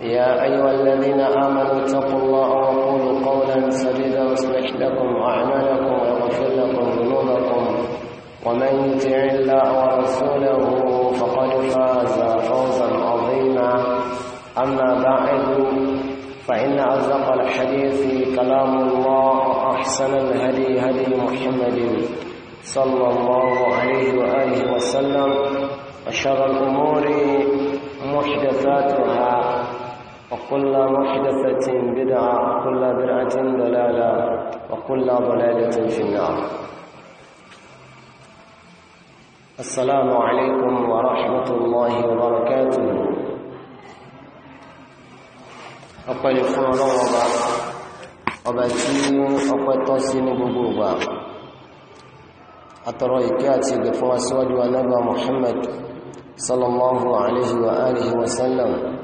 يا أيها الذين آمنوا اتقوا الله وقولوا قولا سديدا يصلح لكم أعمالكم ويغفر لكم ذنوبكم ومن يطع الله ورسوله فقد فاز فوزا عظيما أما بعد فإن أصدق الحديث كلام الله أحسن الهدي هدي محمد صلى الله عليه وآله وسلم وشر الأمور محدثاتها وكل محدثة بدعة وكل بدعة ضلالة وكل ضلالة في النار السلام عليكم ورحمة الله وبركاته أقل فورا وبا وباتيم أقل توسين ببوبا أترويكات بفواسواج ونبى محمد صلى الله عليه وآله وسلم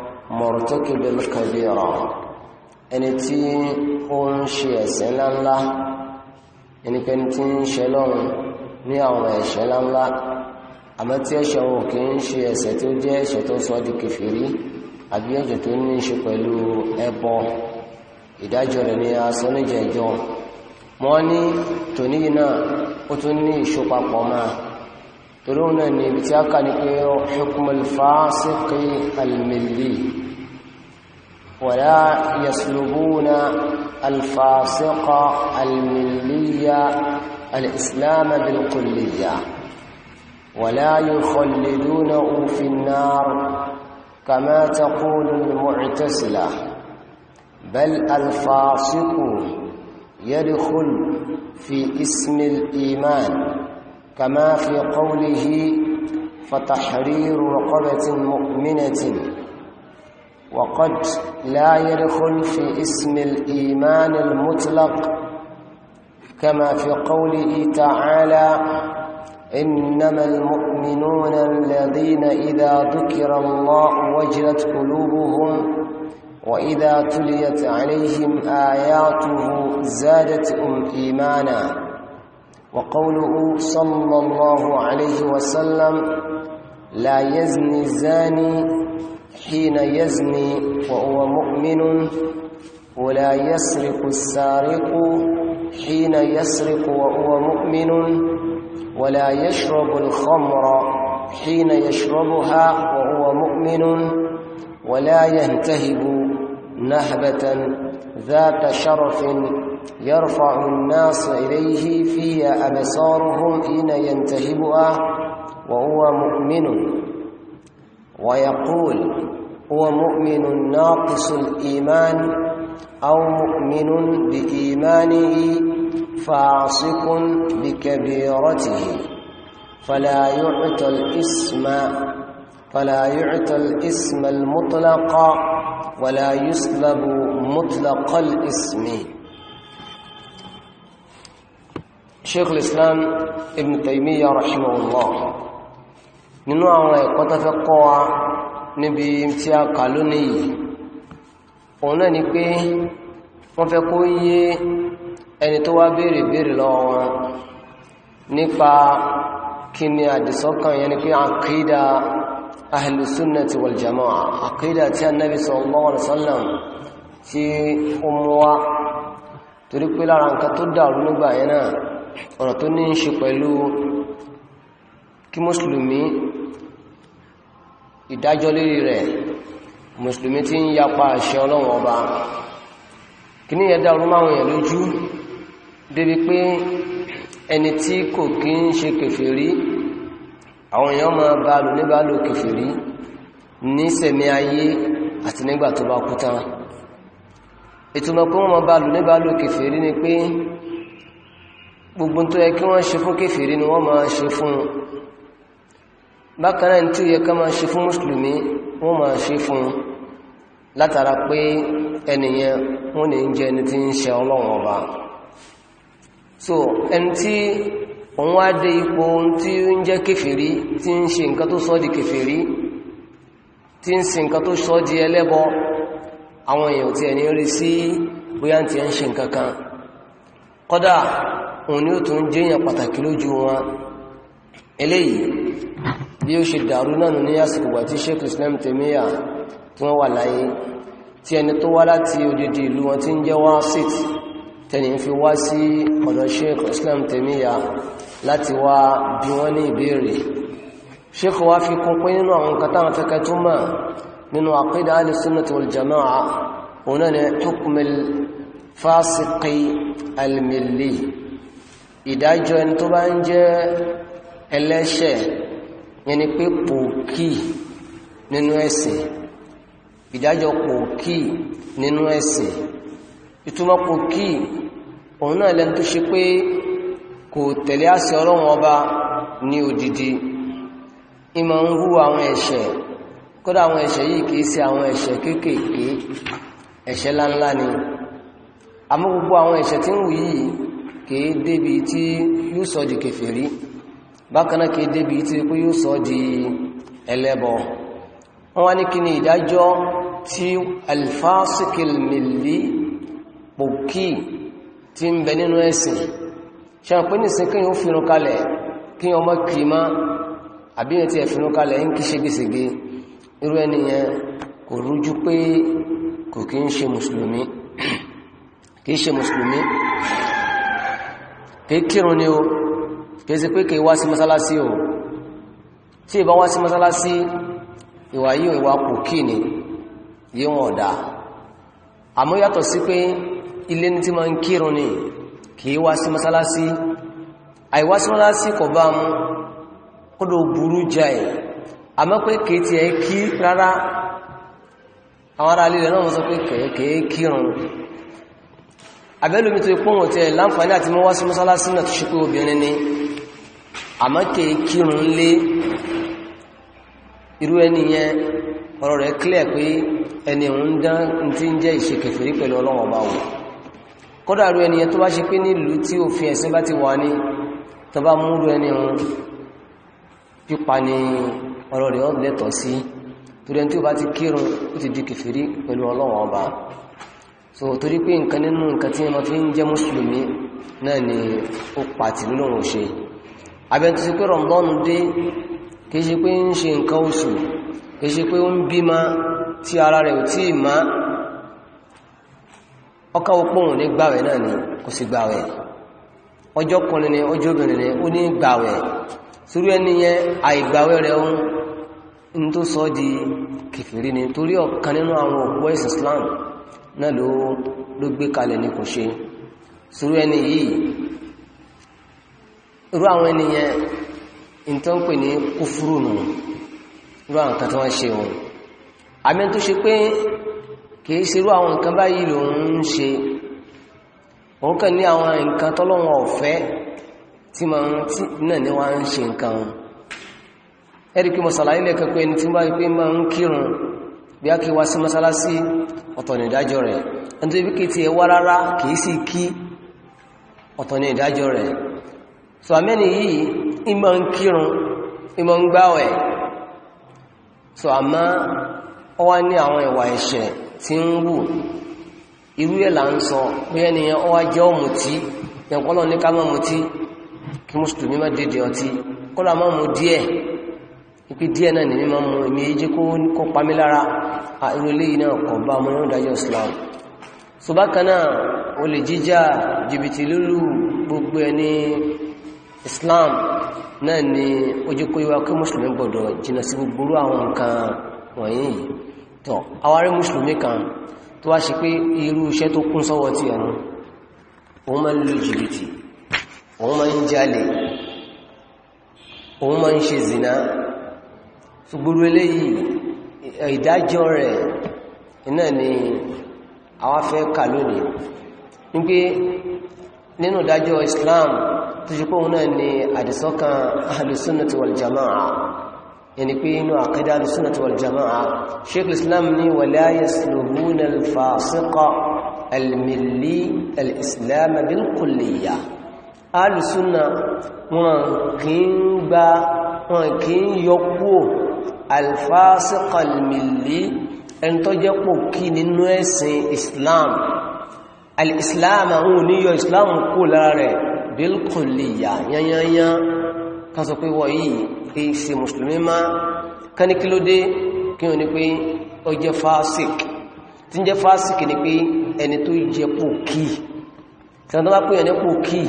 مرتكب الكبيرة ẹni tí ó ń ṣe ẹ̀ṣẹ̀ ńláńlá ẹnikẹ́ni tí ń ṣe lọ́run ní àwọn ẹ̀ṣẹ̀ ńláńlá àmọ́ tí ẹ̀ṣẹ̀ wọn kì í ṣe ẹ̀ṣẹ̀ tó jẹ́ ẹ̀ṣẹ̀ tó sọ di kẹfìrí àbí ẹ̀ṣẹ̀ tó ní ṣe pẹ̀lú ẹbọ ìdájọ́ rẹ̀ ni a sọ níjẹ̀ ẹjọ́ wọn ní tòní yìí náà ó tún ní ìṣopapọ̀ máa torí òun náà ní ibi tí a kà ní pé hukmul fasiqi al-milli ولا يسلبون الفاسق الملي الإسلام بالكلية ولا يخلدونه في النار كما تقول المعتزلة بل الفاسق يدخل في اسم الإيمان كما في قوله فتحرير رقبة مؤمنة وقد لا يدخل في اسم الإيمان المطلق كما في قوله تعالى إنما المؤمنون الذين إذا ذكر الله وجلت قلوبهم وإذا تليت عليهم آياته زادتهم إيمانا وقوله صلى الله عليه وسلم لا يزني الزاني حين يزني وهو مؤمن ولا يسرق السارق حين يسرق وهو مؤمن ولا يشرب الخمر حين يشربها وهو مؤمن ولا ينتهب نهبة ذات شرف يرفع الناس إليه فيها أبصارهم حين ينتهبها وهو مؤمن ويقول هو مؤمن ناقص الإيمان أو مؤمن بإيمانه فاسق بكبيرته فلا يعطى الاسم فلا يعطى الاسم المطلق ولا يسلب مطلق الاسم شيخ الإسلام ابن تيمية رحمه الله من àwọn ẹ̀kọ́ tó níbi tí a kà lónìí yìí òun náà ni pé wọ́n fẹ́ kó yé ẹni tó wá béèrè béèrè lọ́wọ́ wọn nípa kí ni àdìsọ́kàn yẹn ni pé àkídà ahìlùsúnnàtì wàljàmáà àkídà tí annabi sallallahu alaihi wasallam tí ó mú wá torí pé lára nǹkan tó dàrú nígbà yẹn náà ọ̀rọ̀ tó ní ṣe pẹ̀lú kí mùsùlùmí ìdájọ́ lérí rẹ̀ mùsùlùmí tí ń yapa àṣẹ ọlọ́run ọba kí ní ẹ̀dá orúmọ àwọn èèyàn lójú débi pé ẹni tí kò kí ń ṣe kèfèrí àwọn èèyàn máa bá lò nígbà lò kèfèrí ní sẹ̀mí ayé àti nígbà tó bá kú tán ìtumọ̀ pé wọ́n máa bá lò nígbà lò kèfèrí ni pé gbogbo tó yẹ kí wọ́n ṣe fún kèfèrí ni wọ́n máa ṣe fún bákanáà tí ó yẹ ká máa ṣe fún mùsùlùmí wọ́n máa ṣe fún látara pé ẹnìyẹn wọ́n ní jẹ́ ẹni tí ń ṣe ọlọ́run ọba so ẹni tí òun wá dé ipò tí ó ń jẹ́ kèfèrí tí ń ṣe nǹkan tó sọ́ di kèfèrí tí ń ṣe nǹkan tó sọ́ di ẹlẹ́bọ àwọn èèyàn tí ẹni rí sí bóyá tí ń ṣe nǹkan kan kódà òun ni ó tún jẹ́yàn pàtàkì lójú wọn eléyìí bí ó ṣe dàrú náà ní àsìkò wà tí sheikh islam tèmíyà tí wọ́n wà láyé tí ẹni tó wá láti odidi ìlú wọn tí ń jẹ́ wá sit tẹni fi wá sí ọ̀dọ̀ sheikh islam tèmíyà láti wá bí wọ́n ní ìbéèrè sheikh wá fi kún pé nínú àwọn nǹkan tó mọ̀ nínú àkídà alìsúnnàtì wal ìdájọ́ ẹni tó bá ń jẹ́ ẹlẹ́ṣẹ̀ yẹn ni pé pòkì nínú ẹ̀sìn ìdájọ́ pòkì nínú ẹ̀sìn ìtumọ̀ pòkì òun náà lẹ́nu tó ṣe pé kò tẹ̀lé àṣẹ ọlọ́run ọba ní odidi ìmọ̀ ń hú àwọn ẹ̀ṣẹ̀ kódà àwọn ẹ̀ṣẹ̀ yìí kìí ṣe àwọn ẹ̀ṣẹ̀ kéékèèké ẹ̀ṣẹ̀ láńlá ni àmọ́ gbogbo àwọn ẹ̀ṣẹ̀ tí ń wù yìí kìí débi tí yóò sọ di kèfèrí bákaná kìí débi tí pé yóò sọ di ẹlẹ́bọ wọ́n wá ní kí ni ìdájọ́ tí alfasikil mìlì pòkí tí ń bẹ nínú ẹ̀sìn ṣàpín pé nìsín kí yóò fìrún kalẹ̀ kí ọmọ kìí má àbíyàn tí ẹ̀ kalẹ̀ ń kí ṣégeṣége irú ẹniyàn kò rújú pé kò kí ń ṣe mùsùlùmí kìí ṣe mùsùlùmí kìí kírun ni o kìí ṣe pé kìí wá sí mọ́sálásí o tí ìbá wá sí mọ́sálásí ìwà yíò ìwà kò kí ni yí wọn ọ̀dá àmọ́ yàtọ̀ sí pé ilé ní tí ma ń kírun ni kìí wá sí mọ́sálásí àìwá sí mọ́sálásí kò bá mú kódò burú jáì àmọ́ pé kìí ti ẹ̀ kí rárá àwọn ará alẹ́ náà wọ́n sọ pé kìí kírun àbẹ́lómi tó ipò wọn láǹfààní àti mọ́wá sí mọ́sálásí náà tó ṣe pé obìnrin ni àmọ́kè kírun lé irú ẹni yẹn ọ̀rọ̀ rẹ̀ clear pé ẹni òun dán tí ń jẹ́ ìṣekèfèrí pẹ̀lú ọlọ́wọ̀n bá wò kódà irú ẹni yẹn tó bá ṣe pé nílùú tí òfin ẹ̀sìn bá ti wà ní tó bá mú irú ẹni òun pípa ni ọ̀rọ̀ rẹ̀ lẹ́tọ̀ sí torí ẹni tí ó bá ti kírun ó ti di kèfèrí pẹ̀lú ọlọ́wọ̀n bá so torí pé nǹkan nínú nǹkan tí wọ́n fi ń jẹ́ mùsùlùmí náà ni ó pàtì lóhun òṣèlú àbẹ́ntí sí pé rọ̀mbọ́nù dé kìí ṣe pé ń ṣe nǹkan oṣù kìí ṣe pé ń bímá tí ara rẹ̀ ò tí ìmá ọká opóhùn ní gbàwẹ̀ náà ni kò sì gbàwẹ̀ ọjọ́ kùnrin ni ó ní ẹni yẹn rẹ̀ sọ di kìfìrí ni torí ọ̀kan nínú àwọn òpó Islam náà ló gbé kalẹ̀ ni kò ṣe ẹni irú àwọn ènìyàn in tó ń pè ní kúfúrú nù irú àwọn nǹkan tó wọ́n ṣe òun àmì tó ṣe pé kìí ṣe irú àwọn nǹkan báyìí lòun ń ṣe òun kàn ní àwọn nǹkan tọ́lọ́wọ́n ọ̀fẹ́ tí ma náà ní wá ń ṣe nǹkan wọn ẹ̀rí pé bá pé ma ń kírun bí a wá sí mọ́sálásí ọ̀tọ̀ ní ìdájọ́ rẹ̀ ẹni tó kìí ti ẹwà rárá so àmẹ́ni yìí ìmọ̀ ń kírun ìmọ̀ ń gbáwẹ̀ so àmá ọ wá ní àwọn ìwà ẹ̀ṣẹ̀ tí ń wù irú ẹ̀ là ń sọ pé ẹniyàn ọ wá jẹ́ ọ̀mùtí ẹ̀kọ́lọ̀ ní ká mọ́ mutí kí mùsùlùmí má dìde ọtí kọ́lá mọ́ mu díẹ̀ ipi díẹ̀ náà ní mímọ́ mu èmi èjì kó pamí lára irú eléyìí náà kọ̀ bá ọmọ yóò dájọ́ Islam so bákan náà olè jíjà jìbìtì lólù gbogbo ẹni islam náà ni ojúkóyíwá kí mùsùlùmí gbọdọ̀ jìnà sí gbogbo àwọn nǹkan wọ̀nyí yìí tọ́ àwárí mùsùlùmí kan tó wá ṣe pé irú iṣẹ́ tó kún sọ́wọ́ ti ẹ̀rùn òun máa ń lu jìbìtì òun máa ń jalè òun máa ń ṣe zina ṣùgbúrú eléyìí ìdájọ́ rẹ̀ iná ni àwa fẹ́ kà lónìí wípé nínú ìdájọ́ islam tó ṣe pé òun náà ni àdìsọ́kan ahlùsúnnàtí wal jama'a yàní pé inú àkídá ahlùsúnnàtí wal jama'a sheikh islam ni wala yasluhuna al-fasiqa al-milli al-islam bil-kulliyya ahlùsúnnà wọn kì í gba wọn kì í yọkú al-fasiqa ẹni tó jẹ́ pò kí nínú ẹ̀sìn islam al-islam àwọn islam kó lára rẹ̀ bilkuliya yányányá ká sọ pé wọ́n yìí kí ṣe mùsùlùmí má ká ní kí ló dé kí wọ́n ní pé ó jẹ́ fásik tí ni pé ẹni tó jẹ́ pòkì tí wọ́n tó bá pè yàn ní pòkì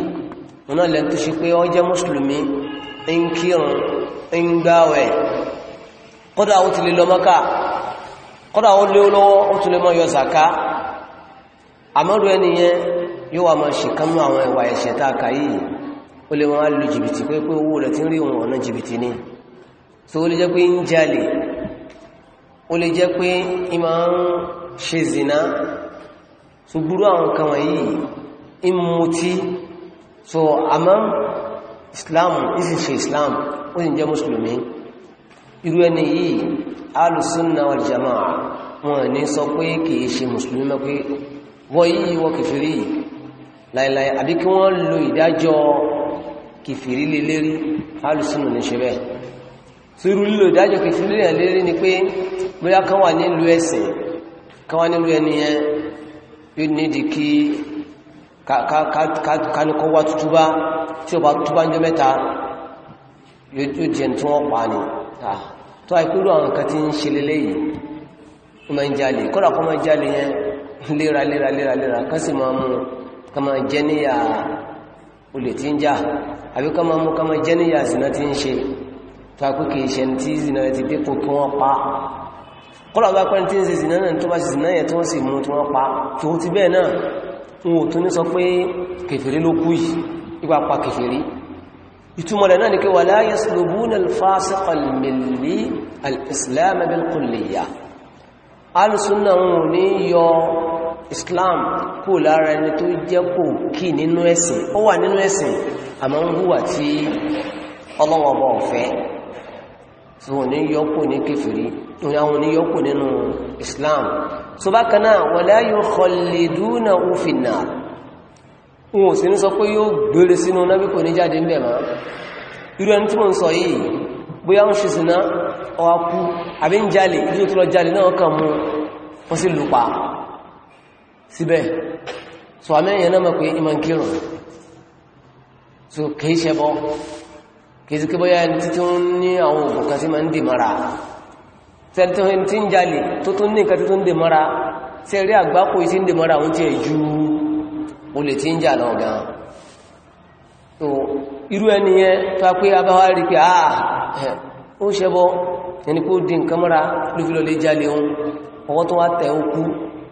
wọn náà lẹ́nu tó ṣe pé ó jẹ́ mùsùlùmí ń kírun ń gbáwẹ̀ kódà ti lè lọ mọ́ká kódà ó lé lọ́wọ́ ó tún lè mọ́ yọ zaka àmọ́rù ẹniyẹn yóò wà máa ṣìkánú àwọn ìwà ẹ̀ṣẹ̀ tààkà yìí ó lè wọ́n á lu jìbìtì pé pé owó rẹ̀ tí ń rí wọn ọ̀nà jìbìtì ni so ó lè jẹ́ pé ń jalè ó lè jẹ́ pé ń máa ń ṣe zina so gbúrú àwọn kan wọ̀nyí ń mutí so àmọ́ islam ìsìn ṣe islam ó sì jẹ́ mùsùlùmí irú ẹni yìí alùsùnà wal jamaa wọn ní sọ pé kìí ṣe mùsùlùmí mọ́ pé wọ́n yìí wọ́n kìfìrí yìí láìláì àbí kí wọ́n lo ìdájọ́ kìfìrí lè lérí alùsùnù ní ṣe bẹ́ẹ̀ sírú lílo ìdájọ́ kìfìrí lè lérí ni pé bóyá kan wà nílùú ẹ̀sìn kan wà nílùú ẹni yẹn yóò nídi kí kánikọ́ wá tútúbá tí ó bá túbá jọ mẹ́ta yóò jẹ tí wọ́n pa ni tó àìkúrò àwọn kan ti ń ṣe lélẹ́ ó máa ká máa jẹ́ níyà olè tí ń jà àbí ká máa mú ká máa jẹ́ níyà zina tí ń ṣe tó a pé kì í ṣe tí zina ti dé kò kí wọ́n pa kọ́lọ̀ bá pẹ́ tí ń ṣe zina náà tó bá ṣe zina yẹn tí wọ́n sì mú tí wọ́n pa tó ti bẹ́ẹ̀ náà wọn ò tún ní sọ pé kèfèrí ló kú yìí ipa pa kèfèrí ìtumọ̀ rẹ̀ náà ni kí wà láyé slobun alfasiq almilli alislam bilkulliya islam kò lára ẹni tó jẹ́ kò kí nínú ẹ̀sìn ó wà nínú ẹ̀sìn àmọ́ ń hùwà tí ọlọ́wọ̀bọ̀ ọ̀fẹ́ tí wọ́n ní yọ́kù ní kèfèrí àwọn ní yọ́kù nínú islam tó bá kaná wala yukhallidunahu fin-nar wọn ò sí ní sọ pé yóò gbére sínú nábí kò ní jáde ń bẹ̀ máa irú ẹni tí mo ń sọ yìí bóyá náà síbẹ̀ so amẹ́yẹn náà mọ̀ pé ìmọ̀ kírùn so kìí ṣẹbọ kìí sí kí bóyá ẹni títí ó ní àwọn òògùn kan sí ma ń dè mara tẹ́lẹ̀ tí ń jalè tó tó ní nǹkan tó ń dè mara tí ẹ̀rí àgbákò isi ń dè mara àwọn tí ẹ̀ ju olè tí ń jà lọ gan so irú ẹni yẹn tó pé abáwá rí pé ah ó ṣẹbọ di nǹkan mara lófin lọ lè jalè òun ọwọ́ tó wá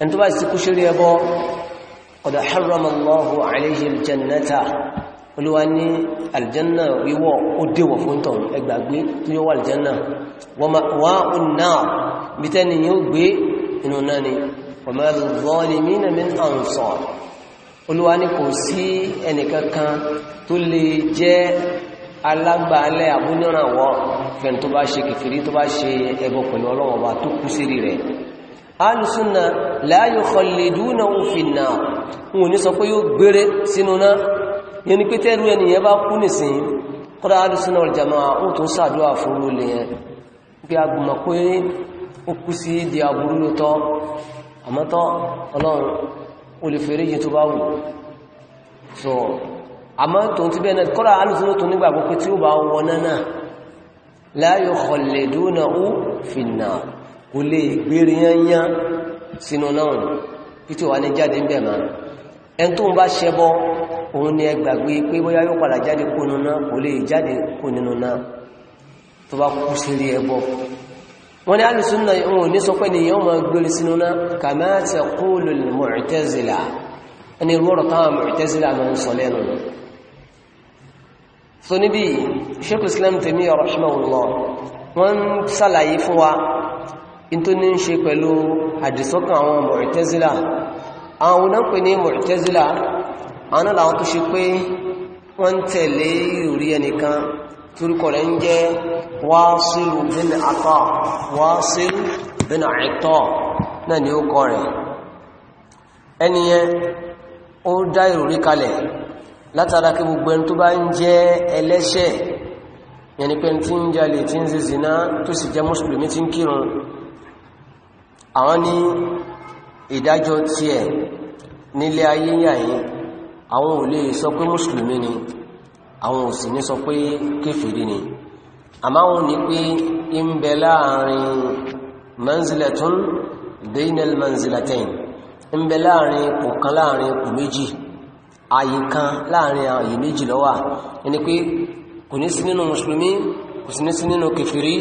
ẹni tó bá sì kú sórí ẹbọ ọ̀dọ̀ haramallahu alayhi aljannata olúwa ní aljanna wíwọ̀ ó déwọ̀ fún tọ̀hún ẹgbàgbé tó yọ wà aljanna wà ó náà bí tẹ́ni yóò gbé inú náà ni wa ma lizzalimina min ansar olúwa ní kò sí ẹnìkankan tó lè jẹ́ alágbàálẹ̀ àbúnirànwọ́ fẹ́ni tó bá ṣe kèfèrí tó bá ṣe ẹbọ pẹ̀lú ọlọ́wọ́ bá tó kú sí rẹ̀ alùsùnà láyò kọlìdúnà òfin náà wọn ni sọ pé yóò gbére sínú náà yẹni pé tẹ́rù ẹniyàn bá kú nìsìn kọ́dá alùsùnà ọ̀jàmà ó tún sàdúwà fún olè so àmọ́ tó ti bẹ́ẹ̀ náà kọ́dá alùsùnà tó nígbàgbọ́ pé tí ó bá kọlìdúnà òfin náà kò lè gbèrè yányá sínú náà títí wà ní jáde ńbẹ̀ máa ẹn tó ń bá ṣẹbọ òun ni ẹgbàgbé pé bóyá yóò padà jáde kó nínú kò lè jáde kó nínú náà tó bá kú sílé ẹbọ wọ́n ni alùsùnà òun ní sọ pé wọ́n ń sàlàyé fún wa in tó ní ń ṣe pẹ̀lú àdìsọ́kàn àwọn Mu'tazila àwọn onápẹ ní Mu'tazila àwọn náà làwọn tó ṣe pé wọ́n tẹ̀lé ìròrí ẹnìkan turukọ rẹ̀ ń jẹ́ Wasil bin Ata Wasil bin Ata náà ni ó kọ rẹ̀ ẹniyẹn ó dá ìròrí kalẹ̀ látara kí gbogbo ẹni tó bá ń jẹ́ ẹlẹ́ṣẹ̀ yẹni pé tí àwọn ní ìdájọ́ tí ẹ̀ nílé ayé yàyí àwọn ò lè sọ pé mùsùlùmí ni àwọn ò sì ní sọ pé kéfèrí ni àmá wọn ni pé ń bẹ láàrin manzilatun bainal manzilatain ń bẹ láàrin kò kan láàrin kò méjì ààyè kan láàrin ààyè méjì lọ́wà ẹni pé kò ní sí nínú mùsùlùmí kò sí ní sí nínú kéfèrí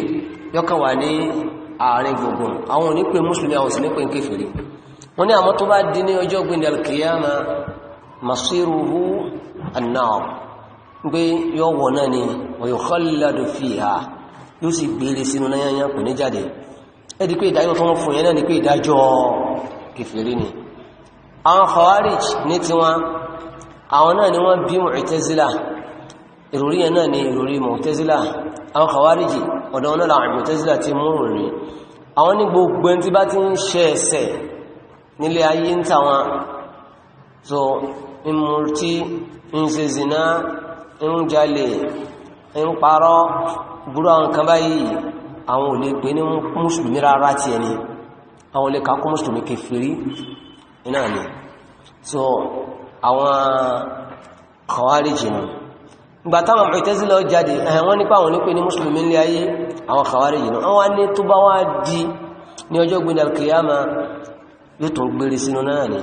yọ́kàn ní ààrin gbogbo àwọn onípe mùsùlùmí àwọn sí nípe kéfèrè wọ́n ní àmọ́ tó bá dín ní ọjọ́ gbìndẹ̀ alkiyama masiruhu annar pé yọ wọ̀ náà ni ọ̀yọ̀ kọlọ̀dù fi ha yóò sì gbére sínú náyányá kò ní jáde ẹ̀dí pé ìdájọ́ tó wọ́n fún yẹn náà ni pé ìdájọ́ kéfèrè àwọn kàwáríjì ọ̀dọ̀ ọ̀nà àwọn Mu'tazila ti múrù rí àwọn ní gbogbo ẹni tí bá ti ń ṣe ẹ̀ṣẹ̀ nílé ayé ń tàwọn so ń mutí ń ṣe zina ń jalè ń parọ́ burú àwọn kan báyìí àwọn olè pé ní mùsùlùmí rárá ti ẹni àwọn olè kakú mùsùlùmí kèfèrí iná ni so àwọn kàwáríjì náà ìgbà táwọn Mu'tazila jáde ẹ̀hẹ̀ wọ́n nípa àwọn onípe ní mùsùlùmí ní ayé àwọn Khawarij yìí wọ́n wá ní tó bá wá di ní ọjọ́ gbìn alkiyama yóò tó gbére sínú náà ni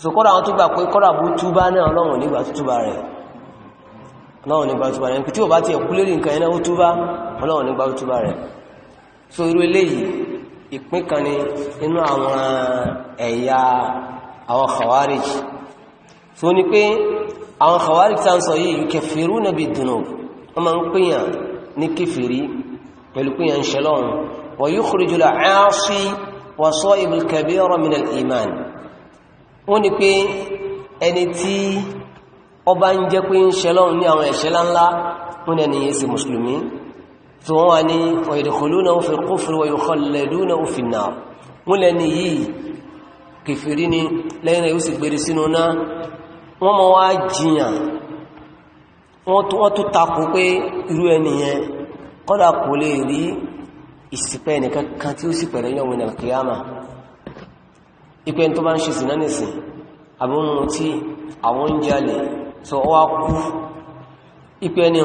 so kọ́ra àwọn tó gbà pé kọ́ra bú túbá náà ọlọ́run nígbà túbá rẹ̀ ọlọ́run nígbà túbá rẹ̀ tí ò bá pé àwọn kàwárí tí a ń sọ yìí yukafiruna bidunub wọ́n ma ń pèyàn ní kèfèrí pẹ̀lú pèyàn ń ṣẹlọ́run wa yukhrijul 'asi wa sahibul kabira minal iman wọ́n ni pé ẹni tí ọba ń jẹ́ pé ń ṣẹlọ́run ní àwọn ẹ̀ṣẹ̀ wà ní wa yadkhulunahu fil wọ́n ni lẹ́yìn wọ́n mọ́ wá jiyàn wọ́n tó takò pé irú ẹniyàn kọ́dà kò lè rí ìsìpẹ́ ẹnìkan kan tí ó sì pẹ̀rẹ̀ yọ̀ wọ̀nà kìyàmà ipẹ́ tó bá ń ṣe sínà nìsìn àbúrún tí àwọn ń jalè so wá kú ipẹ́ ni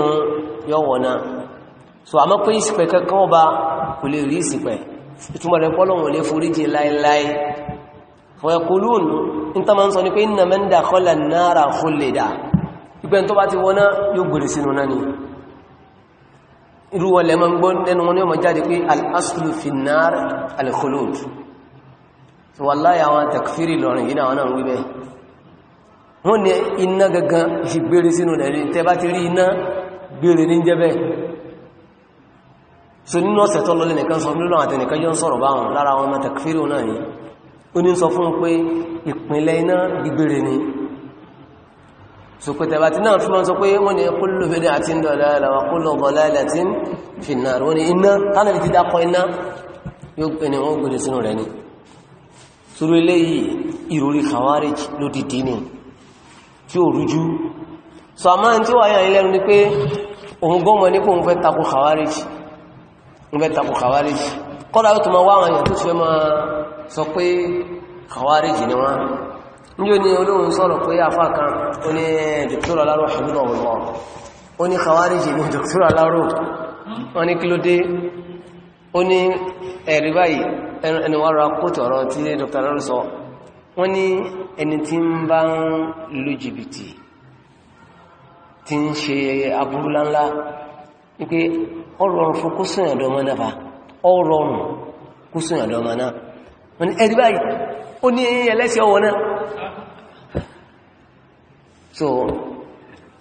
wọ́n so ìsìpẹ́ ọba kò lè rí ìsìpẹ́ wọ̀yẹ̀kùlùn ní tàbí sọ ní pé iná mẹ́ndà kọlà náà khullida ìpẹ́ tó bá ti wọ́ná yóò gbèrè sínú náà ni irúwọ̀ lẹ́mọ́ gbọ́n lẹ́nu wọn yóò mọ̀ jáde pé al-aslu fi an-nar al-khulud wallahi àwọn takfiri lọ́rin yìí náà wí bẹ́ẹ̀ wọ́n ní ó ní sọ fún un pé ìpínlẹ̀ iná gbígbèrè ni sòkòtẹ̀bà tí náà túnmọ́ sọ pé wọ́n ni kullu bid'atin dalalah wa kullu dalalatin fin nar wọ́n ni iná tánàlì ti dákọ iná yóò pè ní wọ́n gbèrè sínú rẹ̀ ni sórí eléyìí ìròrí Khawarij lódìdí ni tí ò rújú sọ àmá tí wà yà ilẹ́nu ni pé òun gọ́mọ̀ ní kò ń fẹ́ takò àwọn èèyàn tó ti máa sọ pé kàwáríjì ni wọ́n níjó ni olóhun sọ̀rọ̀ pé afá kan ó ní dr alaro ṣàbílọ̀ ọ̀lọ́ ó ní kàwáríjì ni dr alaro wọ́n ní kí ló dé ó ní ẹ̀rí báyìí ẹni wọ́n ra kóòtù ọ̀rọ̀ tí dr alaro sọ wọ́n ní ẹni tí ń bá ń lu jìbìtì tí ń ṣe aburú wọn ẹ̀rí báyìí ó ní ẹlẹ́sẹ̀ ọwọ́ náà so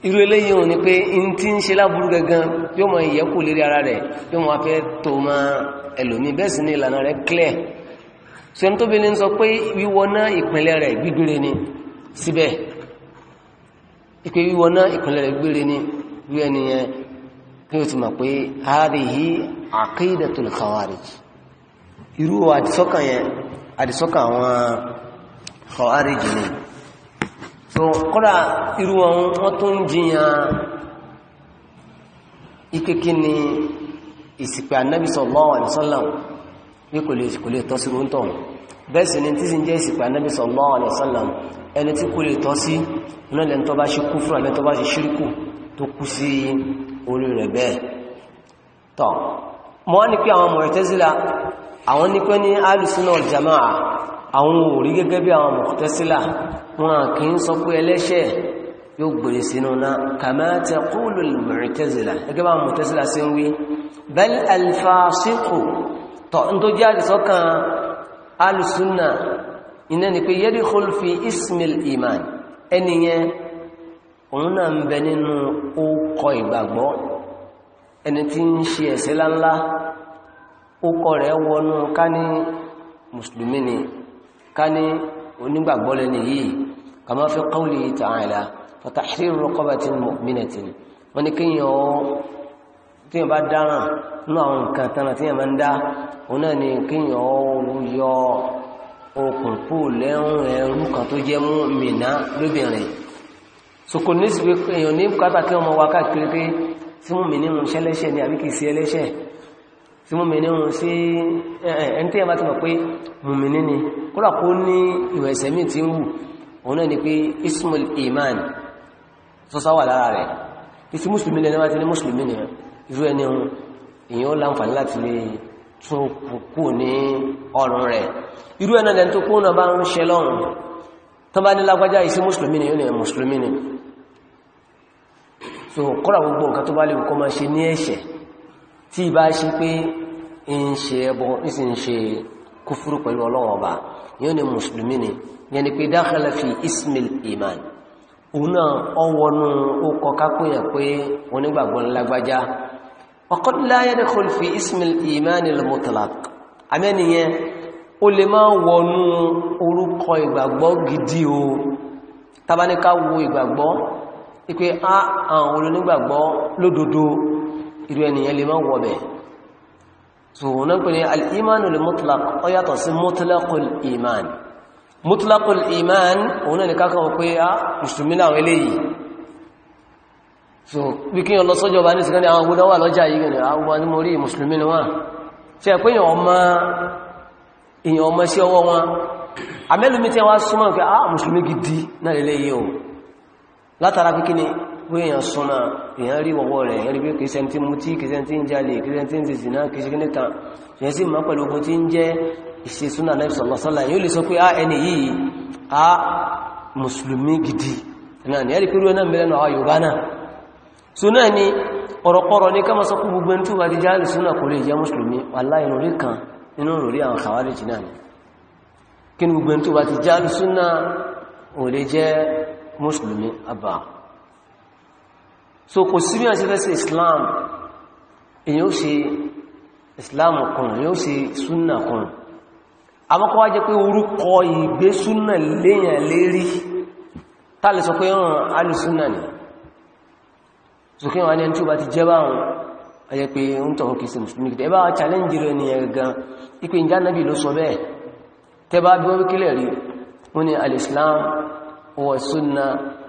irú eléyìí wọn ni pé in ti ń ṣe láburú gangan yóò mọ ìyẹ́kù lérí ara rẹ̀ yóò mọ afẹ́ tó ma ẹlòmí bẹ́ẹ̀ sí ní ìlànà rẹ̀ clear so ẹni tó bí ní sọ pé wíwọ náà ìpínlẹ̀ rẹ̀ gbígbére ni síbẹ̀ ìpé wíwọ náà ìpínlẹ̀ rẹ̀ ni wí ẹni yẹn kí o ti mọ̀ aqidatul khawarij irú àdìsọ́kàn yẹn àdìsọ́kà àwọn Khawarij ni so kọ́dà irú ọ̀hún wọ́n tó ń jiyàn ikeke ni ìsìnkú Ànábì sallallahu alaihi wasallam ní kò lè kò lè tọ́ sí rúntọ̀ bẹ́ẹ̀ sì ni tí sì jẹ́ ìsìnkú Ànábì sallallahu alaihi wasallam ẹni tí kò lè tọ́ sí náà lẹ́ni tó bá ṣe kú fún àlẹ́ tó bá ṣe ṣírkù tó kú sí orí rẹ̀ bẹ́ẹ̀ tọ́ mọ́ ní pé àwọn Mu'tazila àwọn nípẹ́ ní alùsúnà jama'a àwọn òrí gẹ́gẹ́ bí àwọn mọ̀tẹ́sílà wọn kì ń sọ pé ẹlẹ́ṣẹ̀ yóò gbèrè sínú na kàmẹ́tẹ̀ kúlù mọ̀tẹ́sílà gẹ́gẹ́ bá mọ̀tẹ́sílà sí ń wí bẹ́l alfasíkò tọ́ n ókọ rẹ̀ wọnú ká ní mùsùlùmí ni ká ní onígbàgbọ́ lẹ́ni yìí kama fi qawlihi ta'ala fa tahriru raqabatin mu'minatin wọ́n ní kéèyàn ó téèyàn bá dáràn nínú àwọn nǹkan tánà téèyàn máa ń dá òun náà ni kéèyàn ó yọ okùn sí mọ́mìnì wọn sí ẹni tí a bá ti mọ̀ pé mọ́mìnì ni kọ́lá kó ní ìwẹ̀ ìsẹ̀mí tí ń wù òun ni pé ismul iman sọ́sáwà lára rẹ̀ isi musulmi lẹ́ni wá ti ní musulmi ni irú ẹni ohun èyàn ó láǹfàní láti lè tún kú ní ọrùn rẹ̀ irú ẹni lẹ́ni tó kún náà bá ń ṣe lọ́rùn tó bá ní lágbájá isi musulmi ni yóò ní musulmi ni so tí ìbá ṣe pé ń ṣe ẹbọ ń sì ń ṣe kúfúrú pẹ̀lú ọlọ́run ọba yóò ní mùsùlùmí ni yẹn ni pé dákàlà fi ismail iman òun náà ọwọ́nú ó kọ kápẹ́yàn pé onígbàgbọ́ lágbájá ọkọ̀dé láyé ní kò fi ismail iman ilmutlak amẹ́niyẹn ó lè máa wọnú orúkọ ìgbàgbọ́ gidi o wo ìgbàgbọ́ ipé a ah, àwọn olónígbàgbọ́ lódodo irú ẹniyàn lè máa wọ̀ so wọn náà pẹ̀lú al'imanu lè mutlaq ọ yàtọ̀ sí mutlaqul iman mutlaqul iman òun náà ni kákan pé a ah, mùsùlùmí láwọn eléyìí so bí kí yàn lọ sọ́jọba ní sígan ní ah, àwọn agbódá wà lọ́jà yìí ah, gẹ̀rẹ̀ àwọn ni mo rí mùsùlùmí ni wọ́n tí ẹ pé èèyàn ọmọ sí ọwọ́ wọn amẹ́lùmí tí wọ́n náà látara pé ni pé èèyàn súnmọ́ èèyàn rí wọ́wọ́ rẹ̀ èèyàn rí pé kìí sẹ́ntí mú tí kìí sẹ́ntí ń jalè kìí sẹ́ntí ń zìzì náà kìí ṣe kíní kan èèyàn sì pẹ̀lú ogun tí ń jẹ́ ìṣe súnà Nábì sallallahu lè sọ pé a ah, ẹni ah, gidi náà ni ẹ̀rí pé rúwẹ́ náà mẹ́lẹ́nu àwọn Yorùbá náà so náà ni ọ̀rọ̀kọ̀rọ̀ ní kama sọ pé gbogbo ẹni tó bá di jáàlì súnà kò lè jẹ́ mùsùlùmí wallahi so kò sí bí wọ́n ṣe fẹ́ sí islam èyàn ó ṣe islam kan èyàn ó ṣe súnà kan àmọ́kọ́ wá jẹ́ pé orúkọ ìgbé súnà léyàn lérí tààlẹ̀ sọ pé ọ̀rọ̀ alùsúnà ni so kí wọ́n ní ẹni tí ó bá ti jẹ́ báwọn pé ń tọ̀hún kìí ṣe mùsùlùmí kìí ẹbá challenge rẹ̀ ni ẹ̀gan ipé ìjá náà bí ló sọ bẹ́ẹ̀ tẹ́bá bí wọ́n kílẹ̀ rí wọ́n ni al-islam wa sunna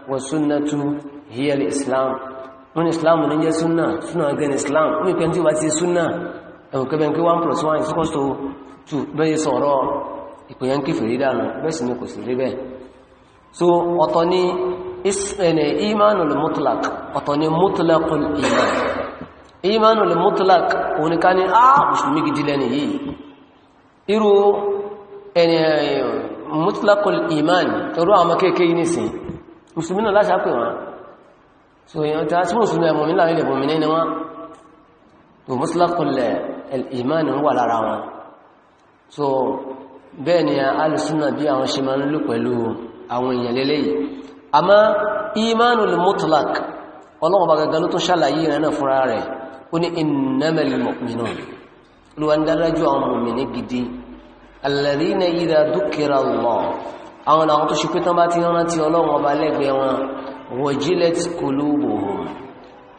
wa sunnatu hiya al wọ́n ni islam ní jẹ́ súnà súnà gẹ́ ni islam wọ́n ìpẹ́ tí wà sí súnà ẹ̀wọ̀kẹ́bẹ̀ kí 1 plus 1 is to 2 bẹ́yẹ sọ̀rọ̀ ìpìyàn kèfèrí dànù bẹ́ẹ̀ sì ni kò sí rí bẹ́ẹ̀ so ọ̀tọ̀ ni imanul mutlaq ọ̀tọ̀ ni mutlaqul iman imanul mutlaq oníká ni a mùsùlùmí gidi lẹ́ni yìí irú ẹni mutlaqul iman tọrọ àwọn kéèkéé yìí nìsìn so èèyàn ta tí mùsùlùmí ẹmùmí láàrin ìbòmí ní wọn tó mùsùlùmí ìmáàni wà lára wọn so bẹ́ẹ̀ ni alùsùnà bí àwọn ṣe máa ń lò pẹ̀lú àwọn èèyàn lélẹ̀ yìí àmọ́ ìmáànul mutlaq ọlọ́wọ́ bá gaggan ló tó ṣàlàyé rẹ̀ náà fúnra rẹ̀ ó ní innamal mu'minun ló wà ń dárájú àwọn mùmìnì gidi alladhina idha dhukira Allah àwọn àwọn tó ṣe pé tán bá ti rántí ọlọ́wọ́ ọba lẹ́gbẹ̀ẹ́ wọn wajilat qulubuhum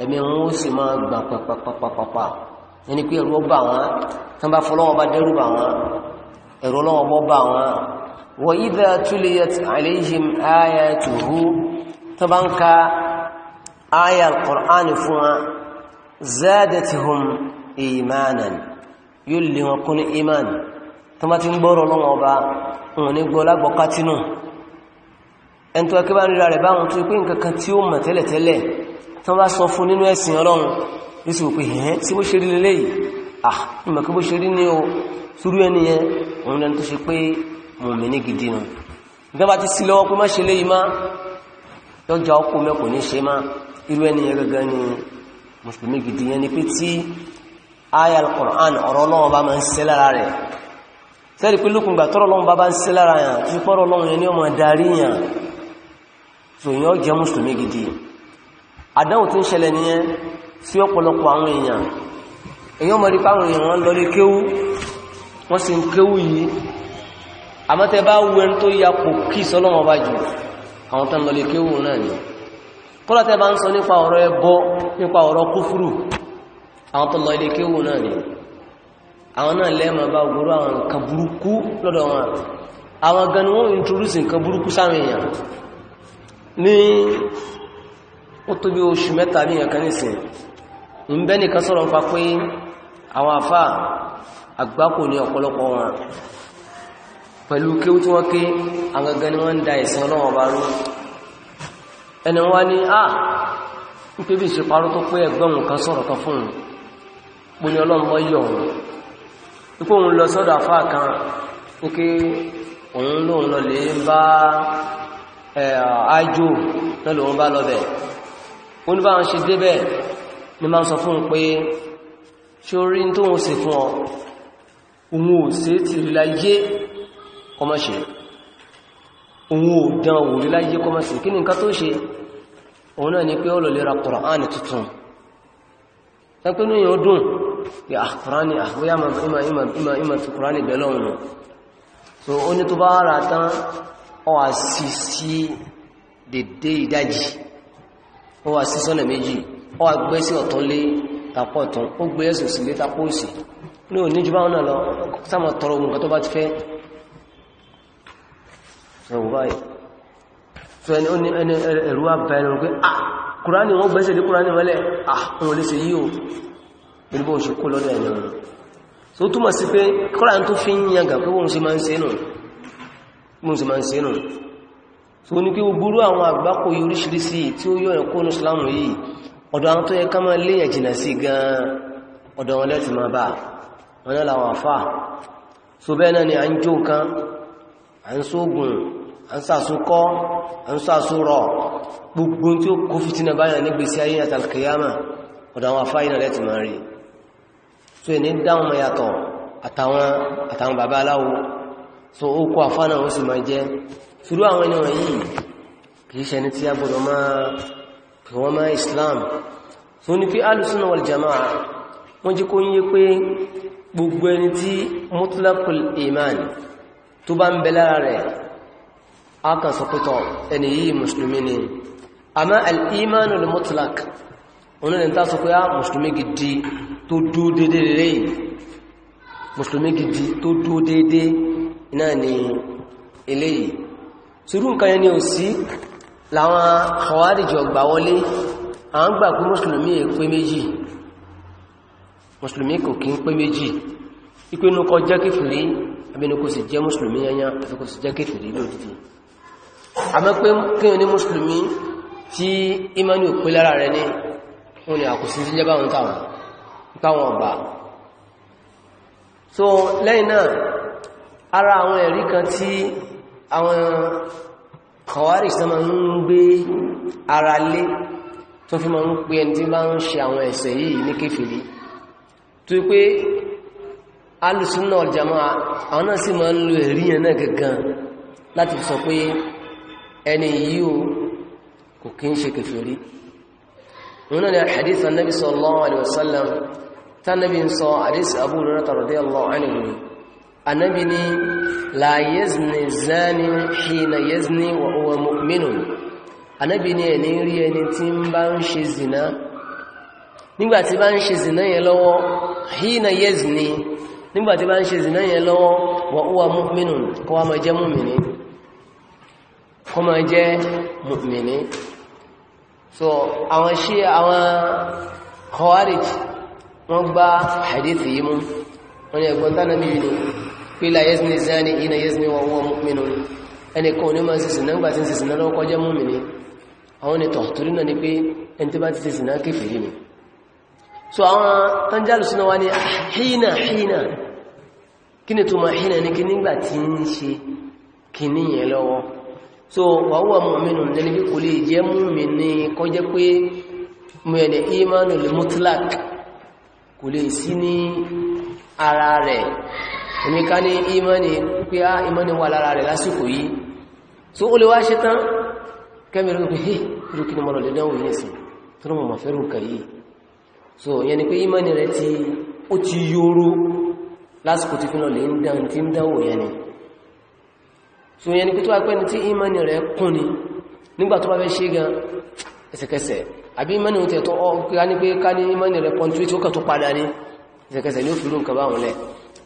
ẹ̀mí wọn ó sì máa gbà pàpàpàpàpà ẹni pé ẹ̀rọ bà wọn tán bá fọlọ́wọ́ bá dẹ́rù bà wọn ẹ̀rọ lọ́wọ́ bọ́ bà wọn wa idha tuliyat alayhim ayatuhu tán bá ń ka aya al-Qur'an fún wa zadatuhum imanan yóò lè wọn kún ní iman tán bá ti ń gbọ́rọ̀ lọ́wọ́ ọba wọn ní gbọ́ lágbọ́kátínú ẹni tó ẹkẹ́ bá ríra rẹ̀ báwọn tó pé nǹkan tí ó mọ̀ tẹ́lẹ̀tẹ́lẹ̀ tó bá sọ fún nínú ẹ̀sìn ọlọ́run yíso pé ẹ̀ẹ́ sí bó ṣe rí lélẹ́ yìí ah ìmọ̀ kí bó ṣe rí ní o túrú ẹni yẹn òun lẹni tó ṣe pé gidi nù ìjọba ti sí lọ́wọ́ pé má ṣe léyìí má lọ́jà ọkọ̀ mẹ́kùn gidi yẹn ni aya al-Qur'an ọ̀rọ̀ ọlọ́run bá máa ń ṣe lára rẹ̀ sẹ́ẹ̀rì pé lókùngbà ni ọmọ darí so èyàn jẹ́ mùsùlùmí gidi àdáhùn tí ń ṣẹlẹ̀ nìyẹn sí ọ̀pọ̀lọpọ̀ àwọn èèyàn èyàn mọ̀ rí páwọn èèyàn wọ́n lọlé kéwú wọ́n sì ń kéwú yìí àmọ́tẹ́ bá wú ẹni tó ya kò kí sọlọ́wọ́ bá jù àwọn tán lọlé kéwú náà ni kọ́lọ́tẹ́ bá ń sọ nípa ọ̀rọ̀ ẹbọ nípa ọ̀rọ̀ kúfúrù àwọn tó lọ ilé kéwú náà ni àwọn náà lẹ́mọ̀ bá gbóró àwọn nǹkan burúkú lọ́dọ̀ wọn àwọn gan ni wọ́n introduce nǹkan burúkú sáwọn èèyàn ní ó tó bí oṣù mẹ́ta ní ẹ̀kan nìsìn ń bẹ́ nìkan sọ̀rọ̀ ń fa pé àwọn àfà àgbákò ní ọ̀pọ̀lọpọ̀ wọn pẹ̀lú kí ó tí wọ́n ké agagan ni wọ́n ń da ìsìn ọlọ́wọ́ bá rú ẹni wá ní à ń pé bí ìṣèparó tó pé ẹgbẹ́ òun kan sọ̀rọ̀ kan fún un mo ní ọlọ́mọ yọ̀ òun àjò náà lòun bá lọ́bẹ̀ ó ní bá ń ṣe débẹ̀ ní máa ń sọ fún un pé ṣe orí tó ń ṣe fún ọ òun ò sí ti rí láyé kọmọ́ṣe òun ò dán òun rí láyé kọmọ́ṣe kí ni nǹkan tó ṣe òun náà ni pé ó lọlẹ́ra Qur'an tuntun ẹgbẹ́nu yìí ó dùn pé àkùránì àkúyàmà ìmọ̀ ìmọ̀ ìmọ̀ ọwà sí sí dédé ìdájì ọwà sí sọ́nà méjì ọwà gbé sí ọ̀tún lé tapọ̀ ọ̀tún ó gbé ẹ̀sùn sí lé tapọ̀ òsì ní òní jù báwọn náà lọ sáàmà tọrọ ogun kan tó bá ti fẹ́ ẹ̀wọ̀ báyìí tó ẹni ẹ̀rù àbá ẹni rẹ̀ ah kùránì wọ́n gbẹ́sẹ̀ dé kùránì mọ́lẹ̀ ah wọn lè ṣe yí o pẹ̀lú bóun ṣe kó lọ́dọ̀ ẹ̀yàn rẹ̀ tó túmọ̀ sí pé kọ́lá tó fi ń yangà pé wọ́n ṣe máa ń ṣe nù mùsùlùmí ṣe nù so ní kí o búrú àwọn àgbákò oríṣiríṣi tí ó yọ ẹ̀kọ́nù islamu yìí ọ̀dọ̀ àwọn tó yẹ ká máa léyàn jìnà sí gan ọ̀dọ̀ wọn lẹ́tì máa bá wọn náà làwọn ni a kan a ń sógun a ń sàsúkọ́ a ń sàsúrọ̀ gbogbo tí ó kó fìtínà báyà nígbèsí ayé àtàlùkìyàmà ọ̀dọ̀ àwọn àfà yìí lẹ́tì máa rí so àtàwọn àtàwọn bàbá aláwo so ó kó àfánà ó sì máa jẹ́ fìrú àwọn ẹni wọ̀nyí kìí ṣe ẹni tí a gbọdọ̀ máa pè wọ́n máa Islam so ní pé alùsùnà wal jama'a wọ́n jí kó yíye pé gbogbo ẹni tí mutlaqul iman tó bá ń bẹ lára rẹ̀ a kan sọ pé tọ́ ẹni yìí mùsùlùmí ni àmá al-imanul onílẹ̀ ta sọ pé á ah, mùsùlùmí gidi tó dúó dédé náà ni eléyìí ṣúrú nǹkan yẹn ni ò sí láwọn àwárìjọ gbà wọlé àwọn gbà kú mùsùlùmí èpé méjì mùsùlùmí kò kí ń pé méjì ipé inú kọ jẹ́ kéfìrí abinú kò sì jẹ́ mùsùlùmí yányá àfi kò sì jẹ́ kéfìrí lódìdí àmọ́ pé kí ní mùsùlùmí tí imani pé lára rẹ̀ ní wọn ni àkùsí sí jẹ́ táwọn ìpáwọn so lẹ́yìn náà ara àwọn ẹ̀rí kan tí àwọn kọwàrí sí ma ń gbé ara lé tó fi ma ń pè ẹni tí bá ń ṣe àwọn ẹ̀ṣẹ̀ yìí ní kéfèrí tó pé alùsùnà ọ̀jàmọ́ àwọn náà sì ma ń lo ẹ̀rí yẹn náà gangan láti sọ pé ẹni yìí o kò kí ń ṣe kéfèrí wọn náà ni hadith annabi sallallahu alaihi wasallam tánàbí ń sọ abu hurairah radiyallahu anhu anábi ni la yazni zani hina yazni wa huwa mu'minun anábi ni ẹni rí ẹni tí ń bá ń ṣe zina nígbàtí bá ń ṣe zina yẹn lọ́wọ́ hina yazni nígbàtí bá ń ṣe zina yẹn lọ́wọ́ wa huwa mu'minun kó wá máa jẹ́ mu'mini kó máa jẹ́ mu'mini so àwọn ṣe àwọn khawarij wọ́n gbá hadithi yìí mú wọ́n ni ẹ̀gbọ́n tánàbí yìí pé la yazni zani ina yazni wa huwa mu'minun ẹni kan ní máa sísìn náà gbàtí sísìn náà lọ́kọ́ jẹ́ múmi ní àwọn ètò torí náà ni pé ẹni tí bá ti sísìn náà kéfèrí ni so àwọn tánjálù sínú wa ni hìnà ah, hìnà kí ni tó ma hìnà ní kí nígbà tí ń ṣe so wa huwa mu'minun lẹ́ni bí kò lè jẹ́ múmi ní kọ́ jẹ́ pé mo ẹ̀dẹ̀ imanul mutlak kò lè ara rẹ̀ ẹni ká ní ìmọ́ni pé á ah, ìmọ́ni wà lára rẹ̀ lásìkò yìí so ó lè wá ṣe tán kẹ́mìrì ni mọ́rọ̀ lè dánwò yìí sí tó so yẹni pé ìmọ́ni rẹ̀ ti ó ti yóró lásìkò ti fi lọ so yẹni pé tó wá pẹ́ni tí ìmọ́ni rẹ̀ kún ni nígbà tó bá fẹ́ ṣe gan ẹsẹ̀kẹsẹ̀ àbí ìmọ́ni ò tẹ̀ tó ọ́ kí á ní pé ká ní ìmọ́ni rẹ̀ pọ́ntúwé tí ó kà tó padà ní ẹsẹ̀kẹsẹ̀ ní ó fi rú nǹkan báwọn lẹ̀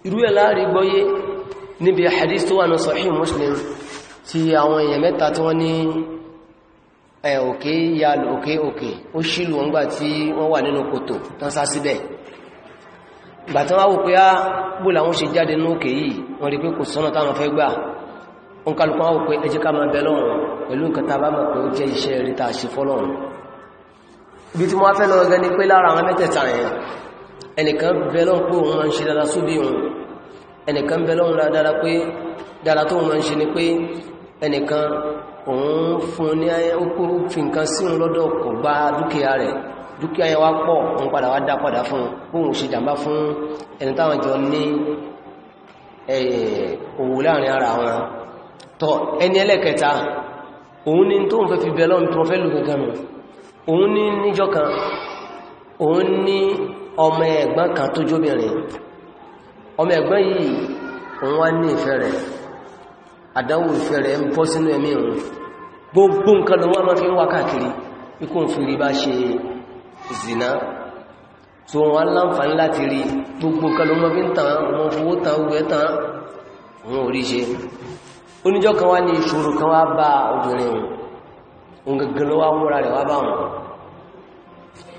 irú ẹ̀ láàrí gbọ́yé níbi hadith tó wà ní Sahih Muslim ti àwọn èèyàn mẹ́ta tí wọ́n ní ẹ̀ òkè ya òkè òkè ó ṣílù wọn gbà tí wọ́n wà nínú kòtò tán sá síbẹ̀ ìgbà tí wọ́n wò pé á bó làwọn ṣe jáde ní òkè yìí wọ́n rí pé kò sọ́nà táwọn fẹ́ ẹnìkan bẹ lọ́n pé òun máa ń ṣe dára sóbí òun ẹnìkan bẹ lọ́n dára pé dára tó máa ń ṣe ni pé ẹnìkan òun fún ní ókúrú fi nǹkan sí òun lọ́dọ̀ kò gba dúkìá rẹ̀ dúkìá yẹn wá pọ̀ òun padà wá dá padà fún bóun ṣe jàmbá fún ẹni táwọn jọ ní òwò láàrin ara wọn tọ ẹni ẹlẹ́kẹta òun ni tó ń fẹ́ fi bẹ lọ́n tó fẹ́ lù gẹ́gẹ́ mi òun ní níjọ́ kan òun ní ọmọ ẹ̀gbọ́n kan tó jóbìnrin ọmọ ẹ̀gbọ́n yìí òun wá ní ìfẹ́ rẹ̀ àdánwò ìfẹ́ rẹ̀ ń bọ́ sínú ẹ̀mí òun gbogbo nǹkan ló wọ́n fi ń wá káàkiri ikú ń fi rí bá ṣe zina tó wọ́n láǹfààní láti rí gbogbo nǹkan ló wọ́n fi ń tàn wọ́n fowó tàn wẹ́ tàn wọ́n orí ṣe oníjọ́ kan wá ní ìṣòro kan wá bá obìnrin òun gẹ́gẹ́ ló wá múra rẹ̀ wá bá wọn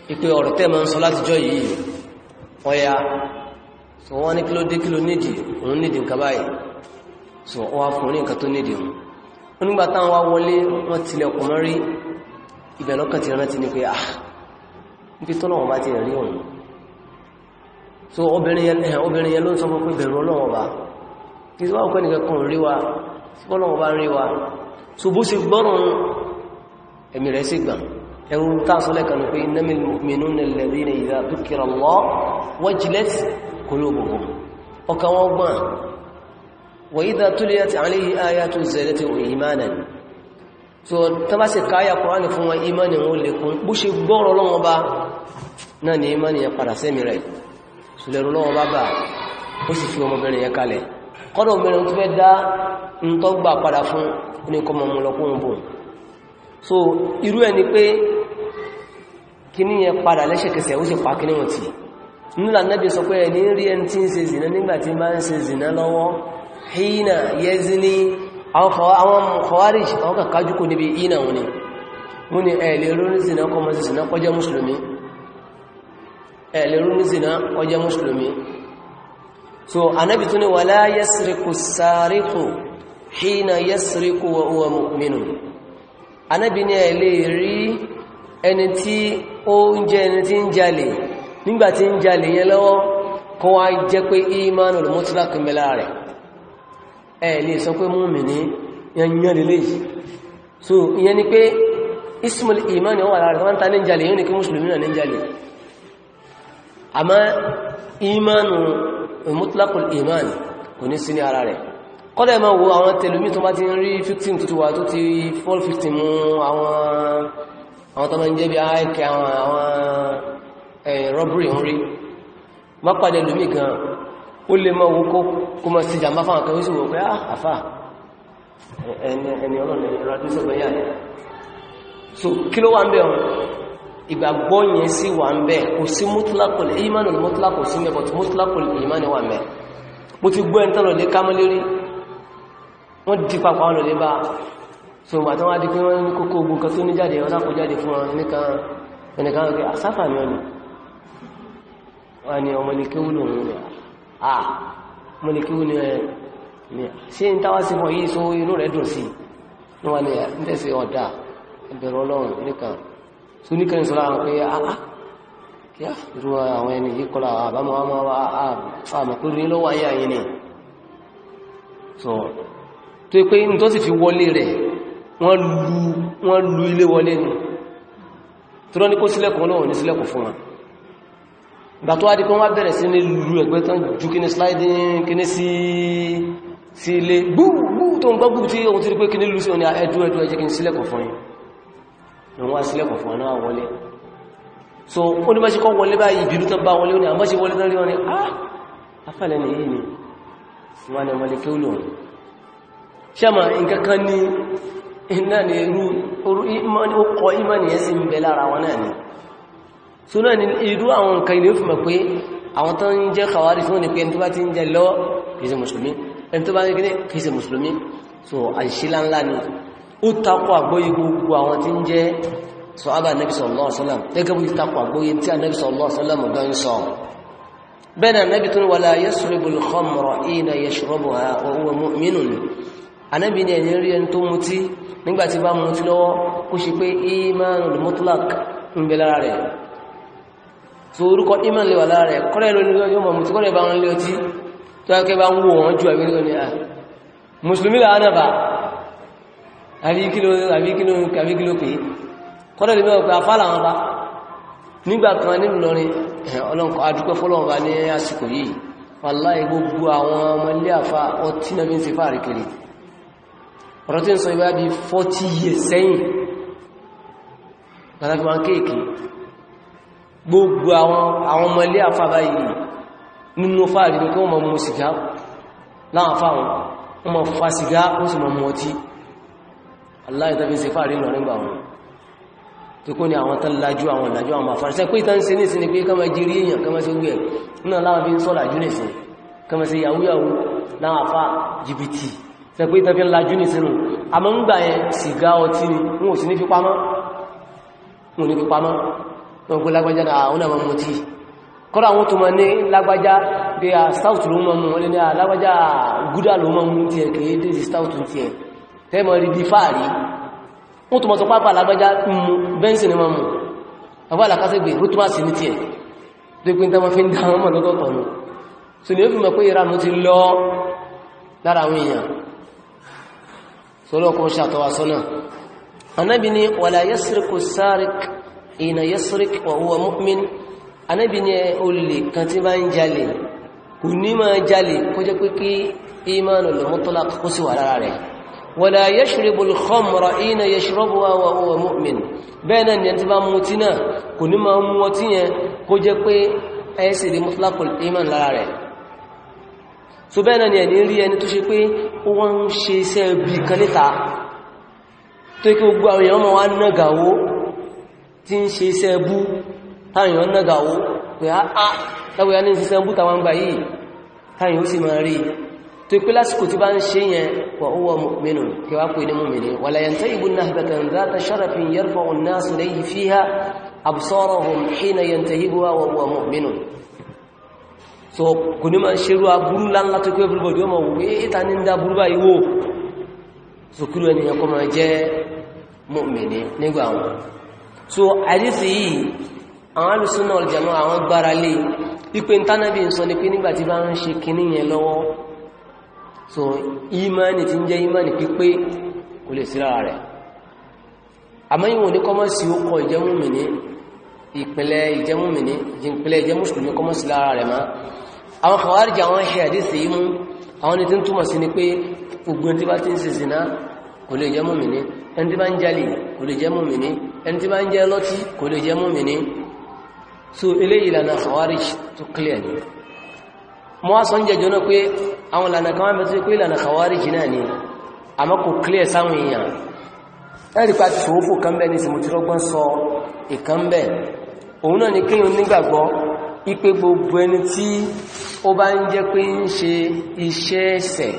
ipe ọ̀rọ̀ tẹ́ ma ń sọ látijọ́ yìí ọya so wọ́n ní kí ló dé kí ló nídìí òun nídìí nǹkan báyìí so wọ́n fún ní nǹkan tó nídìí òun ó nígbà táwọn wá wọlé wọ́n tilẹ̀ ọkùn mọ́ rí ibẹ̀ lọ́kàn ti rántí ní pé ah níbi tọ́lọ̀ wọn bá ti rí òun so obìnrin yẹn ló ń sọ fún pé bẹ̀rù ọlọ́wọ́ bá kí wọ́n kọ́ nìkan kan rí wa tí ọlọ́wọ́ bá rí wa so bó ṣe gbọ́rùn ẹ̀mí rẹ̀ sì gbàmù ẹ̀hún tásọ́lẹ̀ kan pé innamal mu'minuna alladhina idha dhukira Allah wajilat qulubuhum ọkà wọn gbọ́n wa idha tuliyat alayhi ayatuhu zadatuhum imanan so tọ́bá sì káyà kùránì fún wọn imani wọn lè kún bó ṣe gbọ́rọ̀ lọ́wọ́ bá náà ni imani yẹn padà sẹ́mi rẹ̀ ṣùlẹ̀rù lọ́wọ́ bá bá ó sì so irú ẹni pé kíní yẹn padà lẹ́ṣẹ̀kẹsẹ̀ ó sì pa kíní wọn tí nílà náà bí sọ pé ẹni rí ẹni tí ń ṣe zìnà nígbàtí máa ń ṣe zìnà lọ́wọ́ hìnà yẹ́zí ní àwọn kọwárì àwọn kàkájúkò níbi ìnà wọn ni wọ́n ni zìnà kọjá mùsùlùmí so anábì tún ni wala yasriqu sariqu hìnà yasriqu wa huwa mu'minun anábì ni ẹ̀lẹ́ ẹni tí ó ń jẹ́ ẹni tí ń jalè nígbàtí ń jalè yẹn lọ́wọ́ kó wá jẹ́ pé imanul mutlaq mẹ́lá rẹ̀ ẹ̀ lè sọ pé mùmínì yanyan lè léyìí so ìyẹn ni pé ismul iman ni wọ́n wà lára rẹ̀ wọ́n ta ní jalè yóò ní kí mùsùlùmí náà ní jalè àmá imanu mutlaqul iman kò ní sí ní ara rẹ̀ kọ́lẹ̀ ma wo àwọn tẹlumi tó bá ti rí 15 tuntun wà tó ti 4 15 mú àwọn tó máa ń jẹ́ bí ààkẹ́ àwọn rọ́bìrì ń rí má pàdé lómi gan ó lè mọ́ owó kó mọ́ sí jàmbá fáwọn kan ó sì wọ́n pé àfà ẹni ọlọ́run ìrọ̀dúsọ́gbẹ̀yà so kí ló wà ń bẹ̀ wọn ìgbàgbọ́ yẹn sí wà ń bẹ̀ kò sí mutlaqul iman mutlaqul sí mẹ́bọ̀ tí mutlaqul iman wà mẹ́ mo ti gbọ́ ẹni tọ́lọ̀ lé kámọ́lérí wọ́n di papọ̀ àwọn so gbàtán wá di pé wọ́n ní kókó ogun kan tó ní jáde ọ̀sá kò jáde fún wọn nìkan ẹnìkan rẹ̀ àsáfà ah, ni ọ̀nà wọ́n ni ọmọ ní kéwú lòun rẹ̀ à mọ́ ní kéwú ni eh, ni ẹ̀ ṣe ń táwá sí fún yìí so inú rẹ̀ dùn sí wọ́n ni ń ah, tẹ̀sí ọ̀dà ẹbẹ̀rẹ̀ ọlọ́run nìkan so nìkan ń sọ́ra pé àá ah, kí á irú àwọn ẹni yìí kọ́lá àbámọ́ àmọ́kúrin lọ́wọ́ ayé àyè ni so tó pé ní tó sì fi wọlé rẹ̀ wọ́n lu ilé wọlé ni tó rán ní kó sílẹ̀kùn náà ní sílẹ̀kùn fún wọn bà tó wádìí kan wá bẹ̀rẹ̀ sí ní lu ẹgbẹ́ tán ju kí ní sliding kí ní sí ilé gbúgbú tó ń gbọ́gbú tí ohun tí rí pé ah, kí ní lù sí ọ̀nà ẹ̀dú ẹ̀dú ẹjẹ́ kí ní sílẹ̀kùn fún yín wọ́n sílẹ̀kùn fún wọn wọlé so ó ní bá ṣe kọ́ wọlé báyìí ìbínú tán bá wọlé ó ní àmọ́ ah, ṣe wọlé tán rí wọn ni ah afẹ́lẹ̀ ni yìí ni wọ́n ni wọlé kí ó lò ṣẹ́mà nǹkan kan ní iná ni irú orú ìmọ́ni ó kọ ìmọ́ni ẹ̀ sí ń bẹ lára wọn náà ni so náà ni irú àwọn nǹkan ilé òfin mọ̀ pé àwọn tó ń jẹ́ kàwárí fún ní pé ẹni tó bá ti ń jẹ lọ́wọ́ kìí ṣe mùsùlùmí ẹni tó bá ń gẹ́gẹ́ kìí so àìṣílá ni ó takọ àgbóyé gbogbo àwọn tí ń jẹ́ sọ bẹ́ẹ̀ náà nẹ́bí anábì ní ẹni rí ẹni tó mutí nígbàtí bá mutí lọ́wọ́ ó ṣe pé iman mutlak ń bẹ lára rẹ̀ so orúkọ iman lè wà lára rẹ̀ kọ́rẹ̀ lónìí yóò mọ̀ mutí kọ́rẹ̀ bá wọn lé ọtí tó yẹ bá ń wò wọ́n ju àbí lónìí à mùsùlùmí là ánà bá àbí kílò àbí kílò pé kọ́rẹ̀ lè mẹ́wọ̀ pé afá làwọn bá nígbà kan nínú lọrin ọlọ́nkọ̀ adúpẹ́ fọ́lọ́wọ́n bá ní àsìkò yìí wàláì gbogbo àwọn ọmọ ilé àfá ọtí náà fi ń ṣe fáàrí kiri ọ̀rọ̀ tí ń sọ ìwá bí 40 years sẹ́yìn pàtàkì wọn kéèkì gbogbo àwọn ọmọ ilé àfàbà yìí nínú fààrí ní kí wọ́n mọ̀ mú sìgá láwọn fáwọn wọ́n mọ̀ fa sìgá ó sì mọ̀ mú ọtí aláìtàbí ṣe fààrí lọ́rin gbà wọn tó kó ní àwọn tán lájú àwọn ìlàjú àwọn àfàrísẹ́ pé ìtàn ṣe nísìn ni pé kọ́mọ jí rí èèyàn kọ́mọ sí gbẹ̀ náà láwọn fi ń sọ́là jú nìsìn kọ́mọ sí yahoo yahoo láwọn àfà jìbìtì sẹ pé ìtàn fi ń lájú nìsìn nù àmọ́ ń gbà yẹn sìgá ọtí ni wọ́n ò sí ní fi pamọ́ wọ́n ní fi pamọ́ wọ́n kó lágbàjá náà àwọn àmọ́ mọ́ tí kọ́lá àwọn tó mọ́ ní lágbàjá bí i stout ló mọ́ mú wọ́n ní lágbàjá gúdà ló mọ́ mú tí ẹ kìí déjì ni mọ́ mú bàbá àlàkásẹ́gbè ló tó má sí ní tí ẹ dópin tẹ́mọ́ fi ń dá wọn mọ́ lọ́tọ̀ọ̀tọ̀ nù so ni ó fi mọ̀ pé ìranú ti lọ sọlọ́kọ́ ṣàtọwà sọ́nà anábi ni wàlá yẹ́sìrìkù sáàrìk ìnà yẹ́sìrìk wa huwa mu'min anábi ni olè kan tí bá ń jalè kò ní máa jalè kó jẹ́ pé kí imanu lè mọ́tọ́lá kó sì wà lára rẹ̀ wàlá yẹ́sìrìkù khomra ìnà yẹ́sìrìkù wa huwa so bẹ́ẹ̀ náà ni ẹni rí ẹni tó ṣe pé ó wọ́n ń ṣe iṣẹ́ bí kan níta tó ikú gbogbo àwọn èèyàn máa wá nágàwó tí ń ṣe iṣẹ́ bú táwọn èèyàn nágàwó pé á táwọn èèyàn ní iṣẹ́ bú táwọn gbà yìí táwọn yóò sì máa rí tó ikú lásìkò so kò ní máa ṣerú aburú láńlá tó kó everybody ọmọ wé ta ní ń dá burú báyìí wò so kúrò ènìyàn kọ́ máa jẹ́ mọ́mìnì nígbà wọn so àdísì yìí àwọn alùsùnà ọ̀lùjàmọ́ àwọn gbára lé pípé tánàbí sọ ní pé nígbà tí bá ń ṣe kinní yẹn lọ́wọ́ so ìmánì ti ń jẹ́ ìmánì pípé kò lè síra rẹ̀ àmọ́ ìwọ̀n ní kọ́mọ́sí ó kọ ìjẹ́mùmìnì ìpìlẹ̀ ìjẹ́mùmìnì ìpìlẹ̀ ìjẹ́mùsùlùmí kọ́mọ́sí lára rẹ̀ máa àwọn kàwárí jà wọ́n ṣe àdísì yìí mú àwọn ní tí ń túmọ̀ sí ni pé gbogbo tí bá ti ń sèsì náà kò lè jẹ́ mùmìnì ẹni tí bá ń jalè kò lè jẹ́ mùmìnì ẹni tí bá ń jẹ́ lọ́tí kò lè jẹ́ mùmìnì so eléyìí lànà kàwárí tó clear ni mo wá sọ ń jẹjọ náà pé àwọn lànà kan wá bẹ tó pé lànà kàwárí clear sáwọn èèyàn ẹ̀rì pa ti fòófò kan bẹ́ẹ̀ ní sì mo ti rọ́gbọ́n sọ ìkan ipe gbogbo ẹni tí ó bá ń jẹ́ pé ń ṣe iṣẹ́ ẹ̀ṣẹ̀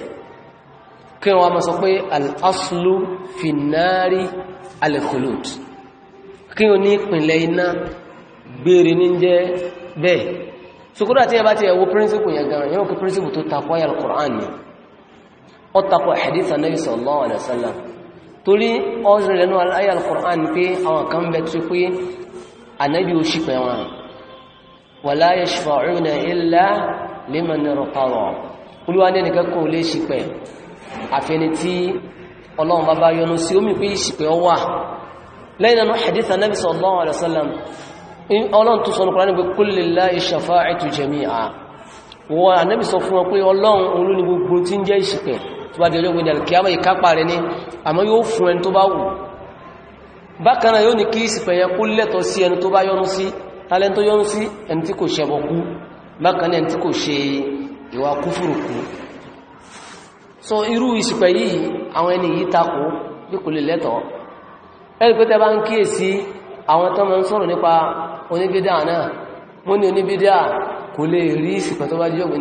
kí wọ́n máa sọ pé al finari al-khulud kí o ní ìpìnlẹ̀ iná gbére ní jẹ́ bẹ́ẹ̀ ṣùgbọ́n àti ẹbá ti ẹ̀wọ́ príncipù yẹn gan yóò kí príncipù tó takọ ayà al-Qur'an ni ó takọ hadith Nabi sallallahu alaihi wasallam torí ọ́sìn lẹ́nu ayà al-Qur'an pé àwọn kan bẹ̀ tó pé wàlá yashfa'una illa liman irtada olúwa ní ẹnìkan kò lè ṣìpẹ̀ àfẹni tí ọlọ́run bá bá yọ́nú sí omi pé ìṣìpẹ̀ ọ wà lẹ́yìn náà hadith anabi sallallahu alaihi wasallam ọlọ́run tó sọ nìkan níbi kul lillahi shafa'atu jami'a wọ́n anabi sọ fún wọn pé ọlọ́run olú ni gbogbo tí ń jẹ́ ìṣìpẹ̀ tó bá di ọjọ́ gbogbo alkiyama ìkápá rẹ̀ ní àmọ́ tálẹ́ tó yọ́n sí ẹni tí kò ṣẹbọ kú bákan ẹni tí kò ṣe ìwà kúfùrù kú so irú ìsìpẹ̀ yìí àwọn ẹni yìí takò bí kò lè lẹ́tọ̀ọ́ ẹni pé tẹ́ bá ń kíyèsí àwọn tó máa ń sọ̀rọ̀ nípa oníbídà náà mo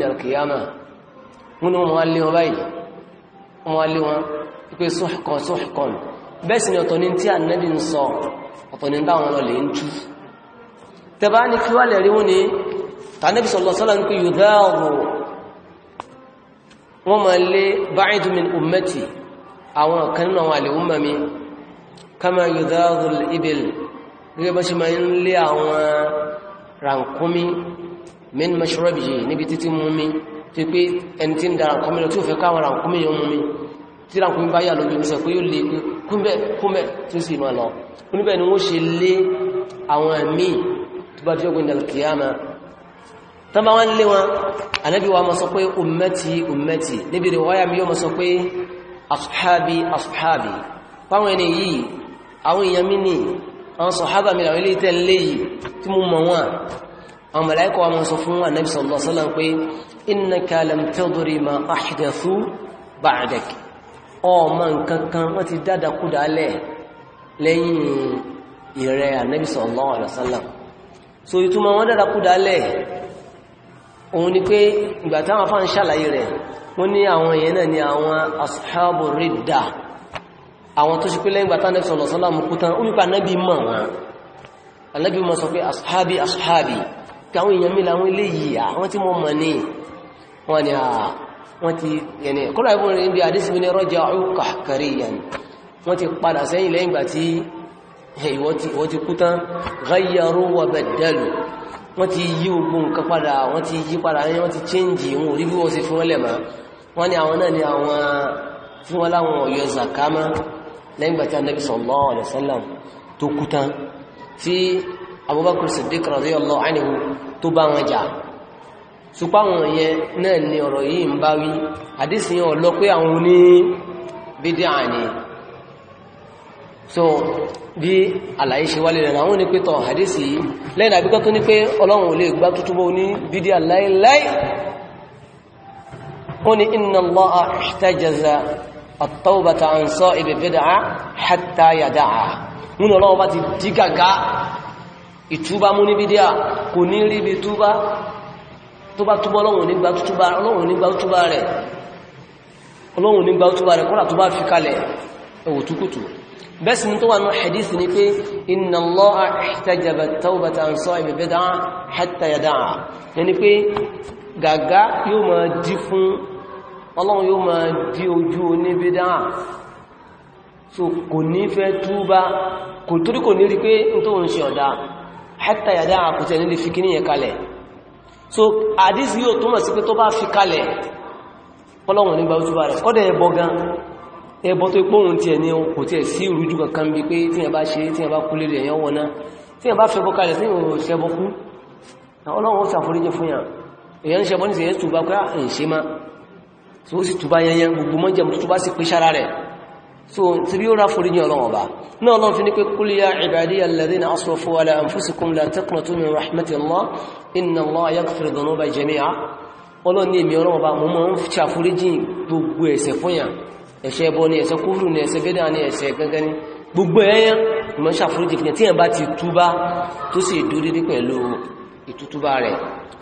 alkiyama mo ní wọn lé wọn báyìí wọn lé wọn pé sọ́ọ̀kan sọ́ọ̀kan bẹ́ẹ̀ sì ni ń sọ ọ̀tọ̀ ń tú tẹba ní kí wà lẹ̀rí wọn ni tànẹ́bí sọ̀lọ̀sọ́lá ń pè yùdáàrù wọ́n ma lé báyìdùmín ummeti àwọn kanin àwọn alẹ́ ummami kama yùdáàrù ibil gẹ́gẹ́ bá ṣe ma ń lé àwọn rankumi min mashrabi níbi títí mumi tí pé ẹni tí ń da rankumi lọ tí ó fẹ́ káwọn rankumi yóò mumi tí rankumi bá yà lóbi sọ pé yóò lé kúmbẹ̀ kúmbẹ̀ sì máa lọ oníbẹ̀ ni wọ́n ṣe lé àwọn míì tó bá jọ́gbìn dalkiyama tán bá wọ́n lé wọn anábí wa ma sọ pé ummati ummati níbi rẹ̀ wáyà mi yóò ma sọ pé ashabi ashabi fáwọn ẹni yìí àwọn èèyàn mi ní àwọn sọ̀hábà mi làwọn ilé tẹ́ lé yìí tí mo mọ̀ wọn àwọn mọ̀láíkọ̀ wa ma sọ fún anábí sallallahu alaihi wasallam pé so ìtumọ̀ wọn dára kú dálẹ̀ òun ni pé ìgbà táwọn afá ń ṣàlàyé rẹ̀ wọ́n ní àwọn èèyàn náà ni àwọn ashabu ridda àwọn tó ṣe pé lẹ́yìn gbàtà nẹ́fẹ̀ wọn ashabi ashabi káwọn èèyàn mi làwọn eléyìí àwọn tí mo mọ̀ ní wọn ni wọ́n ti yẹni kọ́lá ìbọn rẹ̀ níbi àdísìmí ní rọ́jà ọkà ti padà sẹ́yìn lẹ́yìn gbà tí ìwọ́n ti kú tán ghayyaru wa wọ́n ti yí ogun nǹkan padà wọ́n ti yí padà ní wọ́n ti change wọn ò bí wọ́n fún wọ́n ni àwọn náà ni àwọn wọ́n láwọn ọ̀yọ́ zakama lẹ́yìn gbàtí abubakar radiyallahu ni so bí àlàyé ṣe wálé rẹ̀ àwọn onípẹ́tọ̀ àdísì yìí lẹ́yìn àbíkọ́ tó ní pé ọlọ́run ò lè gbá tútúbọ̀ ní bídíà láíláí ó ní inna Allaha ihtajaza at-tawbata an sa'ibi bid'a hatta yada'a múnú ọlọ́run bá ti dí gàgá ìtúbá mú ní bídíà kò ní rí bí túbá tó bá túbọ́ ọlọ́run nígbà tútúbá ọlọ́run nígbà tútúbá rẹ̀ ọlọ́run nígbà tútúbá rẹ̀ kọ́lá tó bá fi kalẹ̀ ẹ̀wò túkùtù بس من طبعا حديث نفي إن الله احتجب التوبة عن صاحب البدعة حتى يدعها يعني في غاغا يوم ديفون الله يوم ديوجو ní bid'ah so kò ní fẹ́ túbá kò torí kò ní rí pé n tó ń ṣe ọ̀dá hatta yada'a kò tẹ̀ nílé ẹbọ tó pọ́hùn tí ẹ̀ ní kò tí ẹ̀ sí ìrújú kankan bí pé tí ẹ̀ bá ṣe tí ẹ̀ bá kú lè ẹ̀yàn wọná tí ẹ̀ bá fẹ́bọ́ kalẹ̀ tí ẹ̀ ṣẹbọ́ kú ọlọ́run ṣàforíjì fún yàn èyàn ṣẹbọ́ ní ṣẹ̀yẹ́ túbá pé ẹ̀ ah, ṣe má so ó sì túbá yẹnyẹn gbogbo mọ́jẹ̀ tó bá sì pé sára rẹ̀ so ti bí ó rá foríjì ọlọ́run ọba náà ọlọ́run fi ní pé qul ya ibadiya alladhina asrafu ala ẹ̀ṣẹ̀ ẹbọ ni ẹ̀ṣẹ̀ kúrù ni ẹ̀ṣẹ̀ bídà ni ẹ̀ṣẹ̀ gẹ́gẹ́ ni gbogbo ẹ̀yẹn ìmọ̀ ṣàforíjì fún tí ẹ̀ bá ti túbá tó sì dúrí ní pẹ̀lú ìtútúbá rẹ̀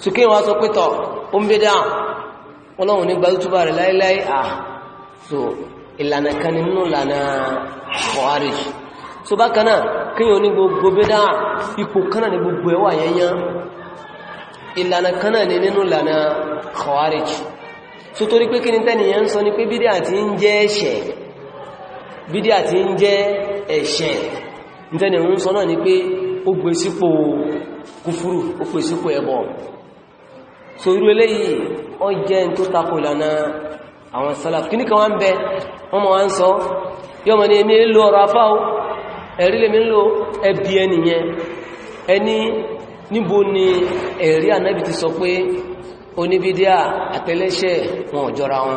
sókè wọn sọ pẹ́tọ̀ ó ń so ìlànà kan nínú ìlànà kọ̀wárì so bákan náà kíyàn ní gbogbo bídà ipò kan náà ní gbogbo ẹwà yẹn yán ìlànà kan náà ní nínú so torí pé kí ni tẹ́nìyàn ń sọ ni pé bídíà tí ń jẹ́ ẹ̀ṣẹ̀ bídíà tí ń jẹ́ ẹ̀ṣẹ̀ nítẹ́nìyàn ń sọ náà ni pé ó gbé sípò kúfúrù ó pè sípò ẹbọ so irú eléyìí ó jẹ́ tó tako ìlànà àwọn salaf kí ní kan wá bẹ wọ́n mọ̀ sọ yọ́ mọ̀ ní èmi ń lo ọ̀rọ̀ afá ẹ̀rí lèmi ń lo ẹbí ẹnìyẹn ẹni níbo ni ẹ̀rí ànábì ti sọ pé oníbídíà àtẹlẹ́ṣẹ̀ wọn ò wọn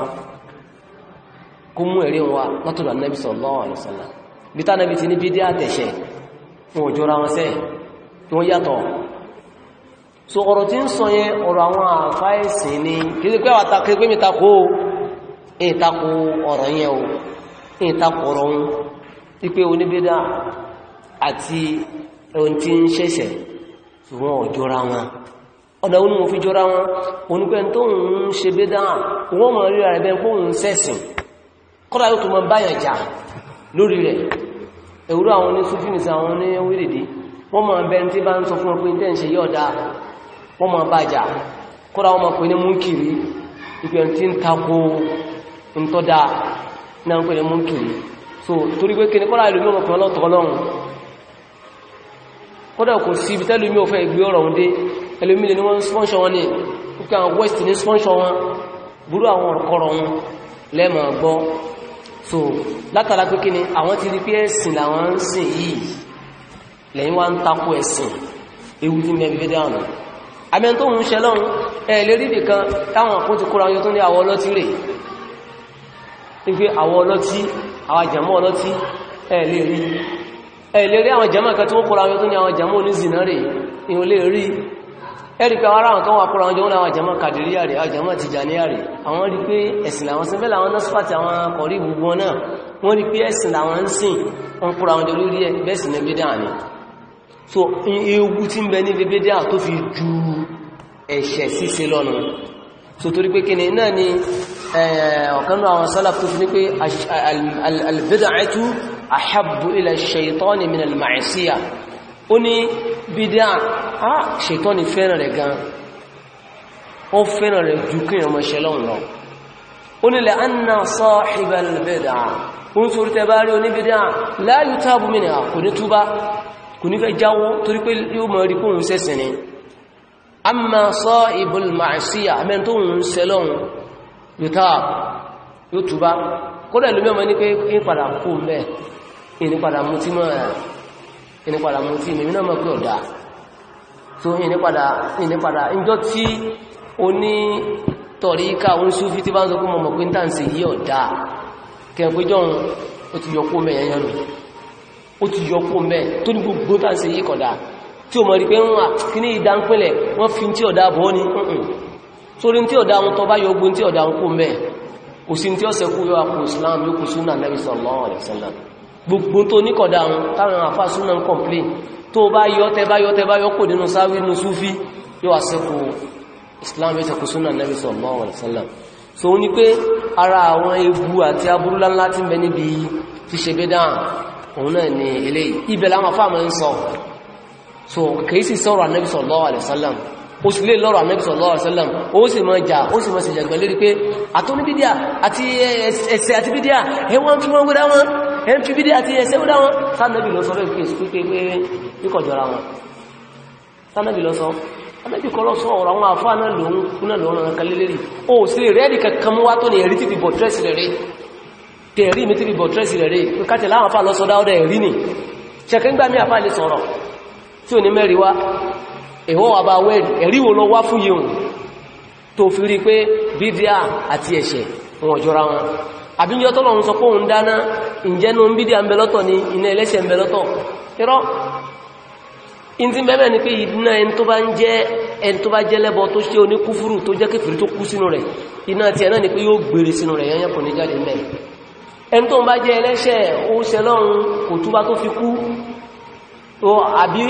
kó mú ẹ̀rí wa látọ̀dọ̀ anábì sallallahu alaihi wasallam bí tánàbì ti ní bídíà àtẹ̀ṣẹ̀ wọn ò jọra wọn sẹ́ wọ́n yàtọ̀ so ọ̀rọ̀ tí ń sọ yẹn ọ̀rọ̀ àwọn àfáìsì ni kí sí pé àwọn àtàkì pé mi takò ìtakò ọ̀rọ̀ yẹn o ìtakò ọ̀rọ̀ ọ̀nà òun mo fi jọra wọn onípẹ́ tó ń ṣe bé dáhà wọ́n mọ̀ rí ara ẹ̀bẹ́ pòun sẹ́sìn kọ́lá yóò tó mọ báyàn jà lórí rẹ̀ ẹ̀wúrú àwọn ní súfínìsì àwọn ní wíìdìdì wọ́n mọ̀ bẹ́ẹ̀ tí bá ń sọ fún ọpin tẹ́ǹṣe ń tako ntọ́dá so torí pé kíni kọ́lá ìlúmí ọmọkùnrin ọlọ́tọ̀ ọlọ́run kọ́dà kò sí ibi ẹlòmílẹ̀ ni wọ́n sponsor wọn ní púpọ̀ àwọn west ní sponsor wọn burú àwọn ọ̀rọ̀kọ̀rọ̀ wọn lẹ́mọ̀ gbọ́ so látara pé kí ni àwọn ti rí pé ẹ̀sìn làwọn ń sìn yìí lẹ́yìn wá ń takò ẹ̀sìn ewu ní mẹ́gbẹ́dẹ́ àná àmẹ́ni tó ń ṣe lọ́run ẹ̀ lérí nìkan táwọn àpò ti kóra ọyọ́ tó ní àwọ ọlọ́tí rè wípé àwọ ọlọ́tí àwọn àjàmọ́ ọlọ́tí ẹ̀ lè rí ẹ̀ lè rí àwọn jàmọ́ kan tí wọ́n kóra ọyọ́ tó ní àwọn ìhun lè rí ẹ̀rí pé ara àwọn kan wà kúrò àwọn jẹun àwọn jẹmọ́ kàdìríyà rẹ̀ àwọn jẹmọ́ tìjàníyà rẹ̀ àwọn rí pé ẹ̀sìn làwọn sí bẹ́ẹ̀ àwọn nọ́sífàtì àwọn akọ̀rí gbogbo náà wọ́n rí pé ẹ̀sìn làwọn ń sìn wọ́n kúrò àwọn jẹun lórí bẹ́ẹ̀sì ní so ewu tí ń bẹ ní bídà tó so torí pé kí ni náà ni ọ̀kan náà àwọn sálàf tó fi ní pé albid'atu ahabbu ila ash-shaytani min ó ní bídá á ṣètọ́ ni fẹ́ràn rẹ̀ gan ó fẹ́ràn rẹ̀ ju kí ọmọ ṣe lọ́run lọ ó nílẹ̀ anna sahibal bid'a ó ń sorí tẹ bá rí oníbídá la yutabu minha kò ní túbá kò ní fẹ́ jáwọ́ torí pé yóò mọ̀ rí kóhun sẹ́sìn ni amma sahibul ma'siyah mẹ́rin tó ń sẹ́lọ́run yutabu yóò ẹni padà mú tí ìmìmí náà mọ̀ pé ọ̀dá tó ìní padà ìní padà ìjọ tí o ní tọ̀rí ká o ń súfí tí bá ń sọ pé mọ̀ pé ń tàǹsì yí ọ̀dá kẹgbẹ́jọ́un ó ti yọkó mẹ́ ẹ̀yàn nù ó ti yọkó mẹ́ tó ní gbogbo tàǹsì yí kọ̀dá tí o mọ̀ rí pé ń wà kí ní ìdánpínlẹ̀ yọ kó mẹ́ kò sí Islam yóò kò súnà Nabi sallallahu gbogbo tó níkọ̀dá àwọn táwọn àfá súnmọ̀ ń complain tó bá yọ tẹ bá yọ kò nínú sáwí nínú súfí yóò àṣẹ́kù islam yóò ṣẹ̀kù súnmọ̀ nẹ́bí sallallahu so ní ara àwọn ebu àti aburú láńlá ti bẹ ni eléyìí ibẹ̀ láwọn afá mọ̀ so kìí sì sọ̀rọ̀ anẹ́bí sallallahu alaihi wasallam ó sì lè lọ́rọ̀ anẹ́bí sallallahu alaihi wasallam ó sì mọ̀ jà ó sì mọ̀ sì jàgbẹ́ lérí pé àtọ́nibídíà ẹ̀ ń fi bídí àti ẹsẹ́ ó dáwọn sánàbì lọ sọ lẹ́ẹ̀kì èsù pípé pé kíkọ̀jọra wọn sánàbì lọ sọ sánàbì kọ́ lọ sọ ọ̀rọ̀ àwọn àfáà náà lòun kúnà lọ́wọ́ náà kan lélẹ́rì ó sì lè rẹ́ẹ̀dì kankan wá tó ní ẹ̀rí ti fi bọ̀ tírẹ́sì rẹ̀ rí tẹ̀rí mi ti fi bọ̀ tírẹ́sì rẹ̀ rí káàtì láwọn àfáà lọ sọ dáwọ́dà ẹ̀rí ni ṣẹ̀kẹ́ngbà mi àfáà lè sọ̀rọ̀ tí ò ní mẹ́rin wá èwọ́ wà bá wẹ́ẹ̀rì ẹ̀rí wo lọ wá fún yìí tó fi rí pé àbíjọ́ tọ́lọ̀ ń sọ pé òun dáná ìjẹ́nu ń bídí àmbẹ̀lọ́tọ̀ ni iná ẹlẹ́sẹ̀ àmbẹ̀lọ́tọ̀ irọ́ in bẹ́bẹ̀ ni pé iná ẹni tó bá ń jẹ́ ẹni tó bá jẹ́ lẹ́bọ tó ṣe oníkúfúrù tó jẹ́ kèfèrí tó kú sínú rẹ̀ iná ti ẹ̀nà ni pé yóò gbèrè sínú rẹ̀ yányẹ́ kò ní jáde mẹ́ ẹni tó ń bá jẹ́ ẹlẹ́ṣẹ̀ ó ṣe lọ́run kò túbá tó fi kú àbí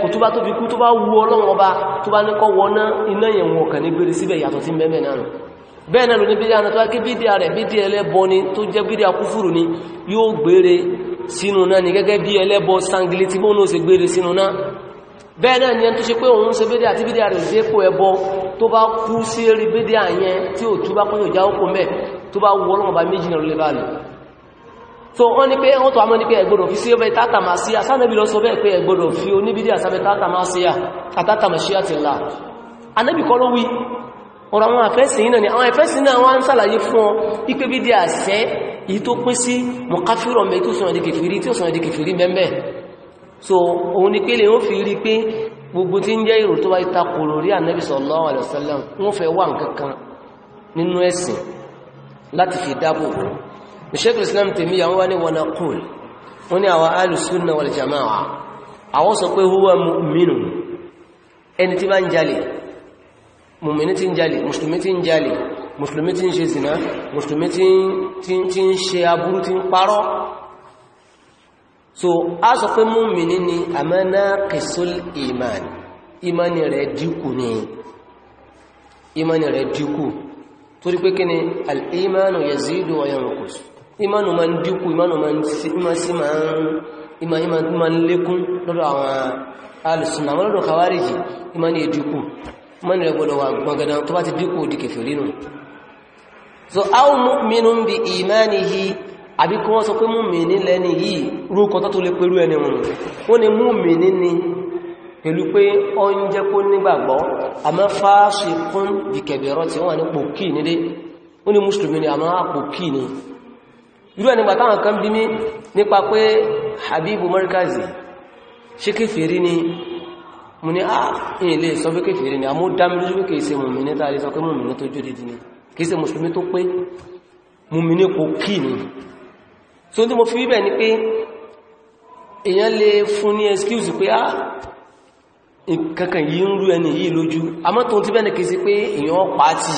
kò túbá tó fi kú tó bá wú ọlọ́run ọba tó bá ní kọ́ wọná iná yẹn wọn gbèrè síbẹ̀ yàtọ̀ tí mẹ́mẹ́ náà bẹ́ẹ̀ náà ló ní bídíà náà tó wá kí bídíà rẹ̀ bídíà ẹlẹ́bọ ni tó jẹ́ bídíà kúfùrù ni yóò gbére sínú náà ni gẹ́gẹ́ bí ẹlẹ́bọ sangilitì bóun ó sì gbére sínú náà bẹ́ẹ̀ ni ẹni tó ṣe pé òun ṣe bídíà tí bídíà rẹ̀ ṣe kó ẹbọ tó bá kú sí rí bídíà yẹn tí ò túbá kọ́yọ̀ já ókò mẹ́ so wọ́n ní pé wọ́n tó àmọ́ ní pé ẹgbọ́dọ̀ fi sí ẹbẹ̀ tátàmásíà sánàbí lọ sọ bẹ́ẹ̀ pé ẹgbọ́dọ̀ fi oníbídíà sábẹ́ tátàmásíà àtátàmásíà ti là anẹ́bìkọ́ ló wí ọ̀rọ̀ àwọn àfẹ́sìn náà ni àwọn àfẹ́sìn náà wọ́n ń sàlàyé fún ọ ipé bí di àṣẹ èyí tó pín sí mọ̀káfíìrọ̀ mẹ́ tó sọ̀rọ̀ kèfèrí tí ó sọ̀rọ̀ kèfèrí mẹ́mẹ́ so òun ni pé lè ó fi rí pé gbogbo tí ń jẹ́ ìrò tó bá ta kòrò rí ànábì sallallahu alaihi wasallam wọ́n fẹ́ wà nǹkan kan nínú ẹ̀sìn láti fi dáàbò bò Sheikh mùmìnì tí ń jalè mùsùlùmí tí ń jalè mùsùlùmí tí ń ṣe zìnà mùsùlùmí tí ń ṣe aburú tí ń parọ́ so a sọ pé mùmìnì ni àmẹ́nà kìsùl ìmánì ìmánì rẹ̀ dínkù ni ìmánì rẹ̀ dínkù torí pé kí ni al'imánu yazidu wa yanqus ìmánu ma ń dínkù ìmánu ma ń lékún lọ́dọ̀ mọ́ni rẹ̀ gbọ́dọ̀ wà gbọ́ngàdán tó bá ti dínkù di kèfèrí nù so aw mu'minun bi imanihi àbí kí wọ́n sọ pé múmìnì lẹ́ni yìí rúkọ tó tó lè pẹ̀lú ẹni wọn wọ́n ni múmìnì ni pẹ̀lú pé ọ ń jẹ́ kó nígbàgbọ́ àmọ́ fáṣì kún ìkẹ̀bẹ̀rọ tí wọ́n ní pòkí nílé ó ní mùsùlùmí ni àmọ́ àpòkí ni irú ẹni gbà kan bí mí nípa pé Habibu Markazi ṣe ni mo ní á ah, ìyìn lè sọ pé kéfèèrè ni a mú dámi lójú pé kìí ṣe mùmìnì tààrí sọ pé mùmìnì tó jódìdì ni kìí ṣe mùsùlùmí tó pé mùmìnì kò kí ni so tí mo fi wíbẹ̀ ni pé èyàn le, fún ní excuse pé á ah, ìkankan yìí ń rú ẹni yìí lójú àmọ́ tó ti bẹ́ẹ̀ kìí ṣe pé èyàn pàtì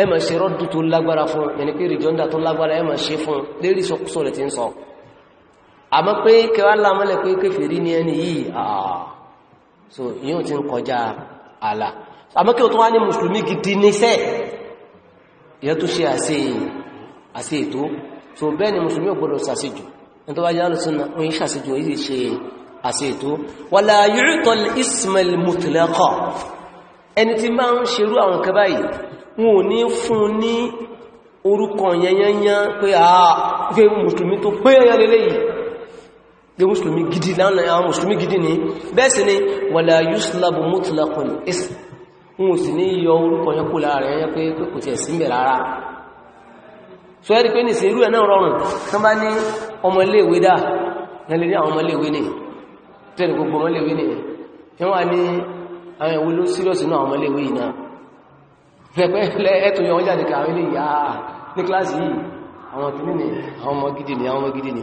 ẹ máa ṣe rọ́dù tó lágbára fún ẹni pé rìjọ́ndà tó lágbára ẹ máa ṣe fún lérí sọkúsọ rẹ̀ ti ń sọ àmọ́ pé kẹwàá lámọ́lẹ̀ pé kéfèrí ni ẹni yìí àà so yíò ti ń kọjá àlà àmọ́ kí o tó wá ní mùsùlùmí gidi níṣẹ́ ìyẹ́ tó ṣe àṣẹ ètò so bẹ́ẹ̀ ni mùsùlùmí ògbọ́dọ̀ sàṣejù ní tó bá jẹ́ alùsùnà oyin sàṣejù oyin ṣe àṣẹ ètò wala yu'tal ismal mutlaqa ẹni tí máa ń ṣerú àwọn kẹba yìí wọn ò ní fún ní pé mùsùlùmí gidi lánàá àwọn mùsùlùmí gidi ni bẹ́ẹ̀ sí ni wàlá yuslabu mutlaqun is wọn sì ní yọ orúkọ yẹn kó láàrin yẹn pé kò tiẹ̀ sí mẹ́ rárá so ẹ́ rí pé nìsẹ̀ irú ẹ̀ náà rọrùn tán bá ní ọmọléèwé dà nílé ní àwọn ọmọléèwé ni tẹ́lẹ̀ gbogbo ọmọléèwé ni wọ́n wà ní gidi ni àwọn gidi ni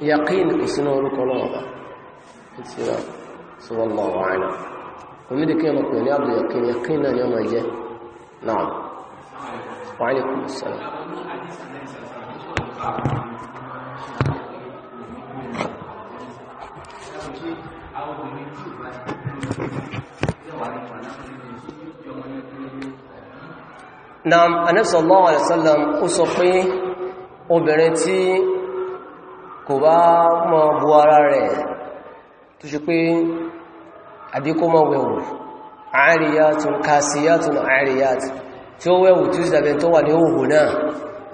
يقين سنو ركولوغا سنو صلى الله عليه وسلم ومدك يا مكوين يا يقين نعم وعليكم السلام Thank you. na anẹ́sọ̀lọ́wọ́ alẹ́sọ́lọ́m ó sọ pé obìnrin tí kò bá mọ́ bu ara rẹ̀ tó ṣe pé àdíkó mọ́ wẹ̀wù àríyàtún kàsíyàtún àríyàtún tí ó wẹ̀wù tí ó sì dàbẹ̀ tó wà ní òhù náà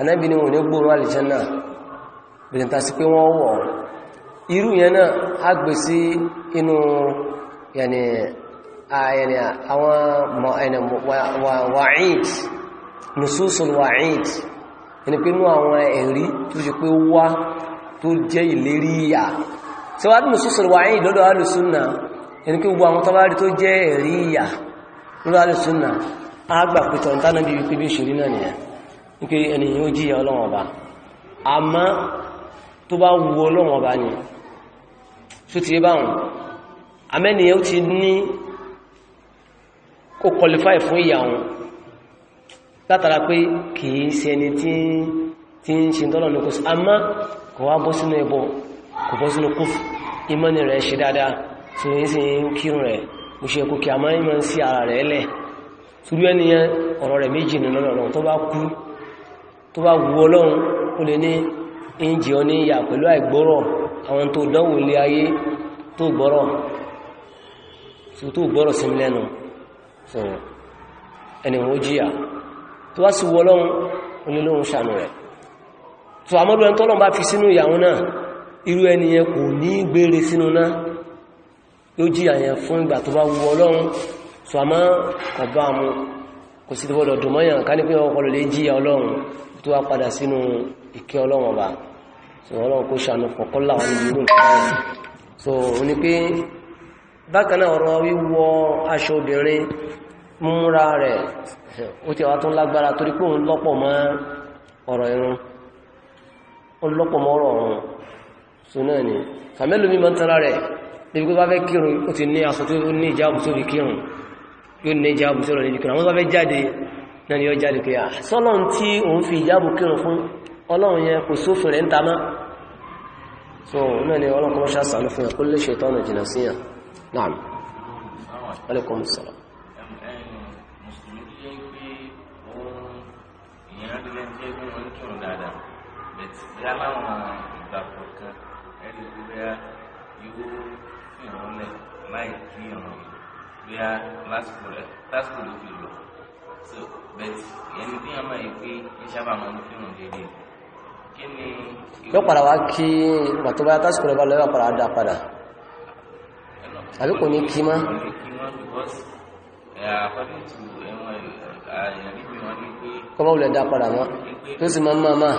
anábì ni wọ́n ní gbóòrùn alìjẹ́nà bìnrin ta sí pé wọ́n wọ̀ irú yẹn náà á gbé sí inú yàní àwọn wa'id nususul wa'id ẹni pé ní àwọn ẹ̀rí tó ṣe pé wá tó jẹ́ ìlérí ìyà tí wá nususul wa'id lọ́dọ̀ alùsùnà ẹni pé gbogbo àwọn tó bá rí tó jẹ́ ẹ̀rí ìyà lọ́dọ̀ alùsùnà àgbà pẹ̀tọ̀ ìtànà bí wípé bí ṣèrí náà nìyẹn ní pé ẹni yóò jíyà ọlọ́wọ̀n ọba àmọ́ ni tó ti báwọn fún ìyà látara pé kìí ṣe ẹni tí ń ṣe tọ́lọ̀ ní kòsù àmá kò wá bọ́ sínú ẹbọ kò bọ́ sínú kúfù ìmọ́ni rẹ̀ ṣe dáadáa tó yí sí kírun rẹ̀ mo ṣe kò kí àmá ìmọ̀ sí ara rẹ̀ lẹ̀ torí ẹniyàn ọ̀rọ̀ rẹ̀ méjì nínú ọ̀rọ̀ tó bá kú tó bá wu ọlọ́run ó ẹni wọ́n jìyà tó wá sí wọlọ́run oyin lóhun ṣàánú rẹ̀ tó àmọ́lú ẹni tọ́lọ́n bá fi sínú ìyàwó náà irú ẹniyẹn kò ní gbére sínú náà yóò jí àyàn fún ìgbà tó bá wu ọlọ́run tó àmọ́ kọ̀bá mu kò sí gbọ́dọ̀ dùnmọ́yàn ká ní pé ọkọ̀ lè jí ọlọ́run so ó ní pé bákan náà ọ̀rọ̀ wíwọ aṣọ obìnrin múra rẹ̀ ó ti wá tó lágbára torí pé òun lọ́pọ̀ mọ́ ọ̀rọ̀ irun ó lọ́pọ̀ mọ́ ọ̀rọ̀ ọ̀run so náà ni fàmẹ́lú mi máa ń tara rẹ̀ níbi pé bá fẹ́ kírun ó ti ní aṣọ tó ní ìjáàbù tó kírun yóò ní ìjáàbù tó rọ̀ níbi kírun àwọn tó bá fẹ́ jáde náà ni yóò jáde pé à ah, sọ́lọ́n tí òun fi ìjáàbù kírun fún ọlọ́run yẹn kò sófin rẹ̀ ń ta mọ́ so náà ni ọlọ́run kọ́ ṣàṣàánú fún yàn kó lè ṣe tọ́nà jìnnà síyàn náà alaikum salaam bẹ̀t yá láwọn ìgbà kọ̀ọ̀kan ẹni tó bẹ́yà yóò fi hàn lẹ̀ láì kí hàn bẹ́yà lásìkò rẹ̀ lásìkò ló fi lọ so bẹ̀t yẹn ni bíyàn máa yẹ pé ń sábà máa ń fi hàn déédéé kí ni. yóò padà wá kí ìgbà tó bá tásìkò rẹ̀ bá lọ́wọ́ padà dá padà àbí kò ní kí mọ́. kọ́mọ́ wulẹ̀ dá padà mọ́ tó sì máa ń máa máa.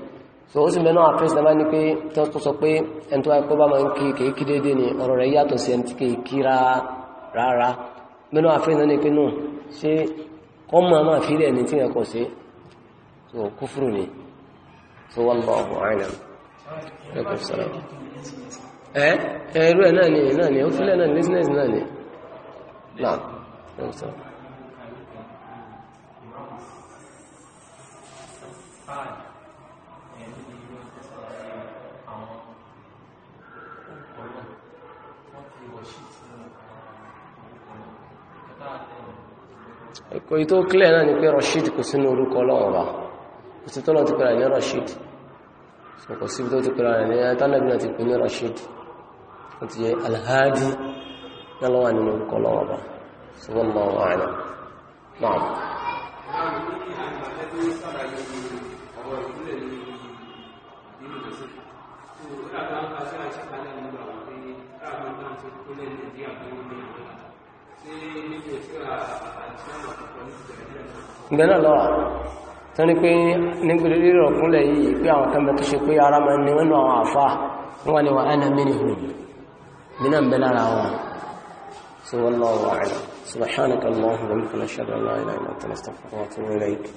so ó sì mẹ́nà àfẹ́sì náà ní pé tán tó sọ pé ẹni tó wáyé kó bá máa ń kí kèékí déédéé ni ọ̀rọ̀ rẹ̀ yàtọ̀ sí ẹni tí kèékí rárá mẹ́nà àfẹ́sì náà ní pé nù ṣé kọ́ máa máa fi rẹ̀ ní tí ni so wọ́n lọ ọ̀hún àìnà ni ni ni ni náà ẹ̀kọ́ sọ̀rọ̀ Five. ẹ̀kọ́ yìí tó clear náà ni pé Rashid kò sínú orúkọ ọlọ́run ọba kò sí tọ́lọ́ ti pèrè ní Rashid kò sí tó ti pèrè ní atánàbí náà ti pè ní Rashid ó ti yẹ alhadi lọ́wọ́ nínú orúkọ ọlọ́run ọba ṣùgbọ́n mọ́ ọ̀rọ̀ àná náà Thank you ìgbẹ́ náà lọ́wọ́ tó ní pé nígbèrè rírọ̀ fúnlẹ̀ yìí pé àwọn kẹmẹ tó ṣe pé ara ma ní wọ́n àwọn àfá wọ́n ni wà ánà mẹ́rin hùn nínà ń bẹ lára wọn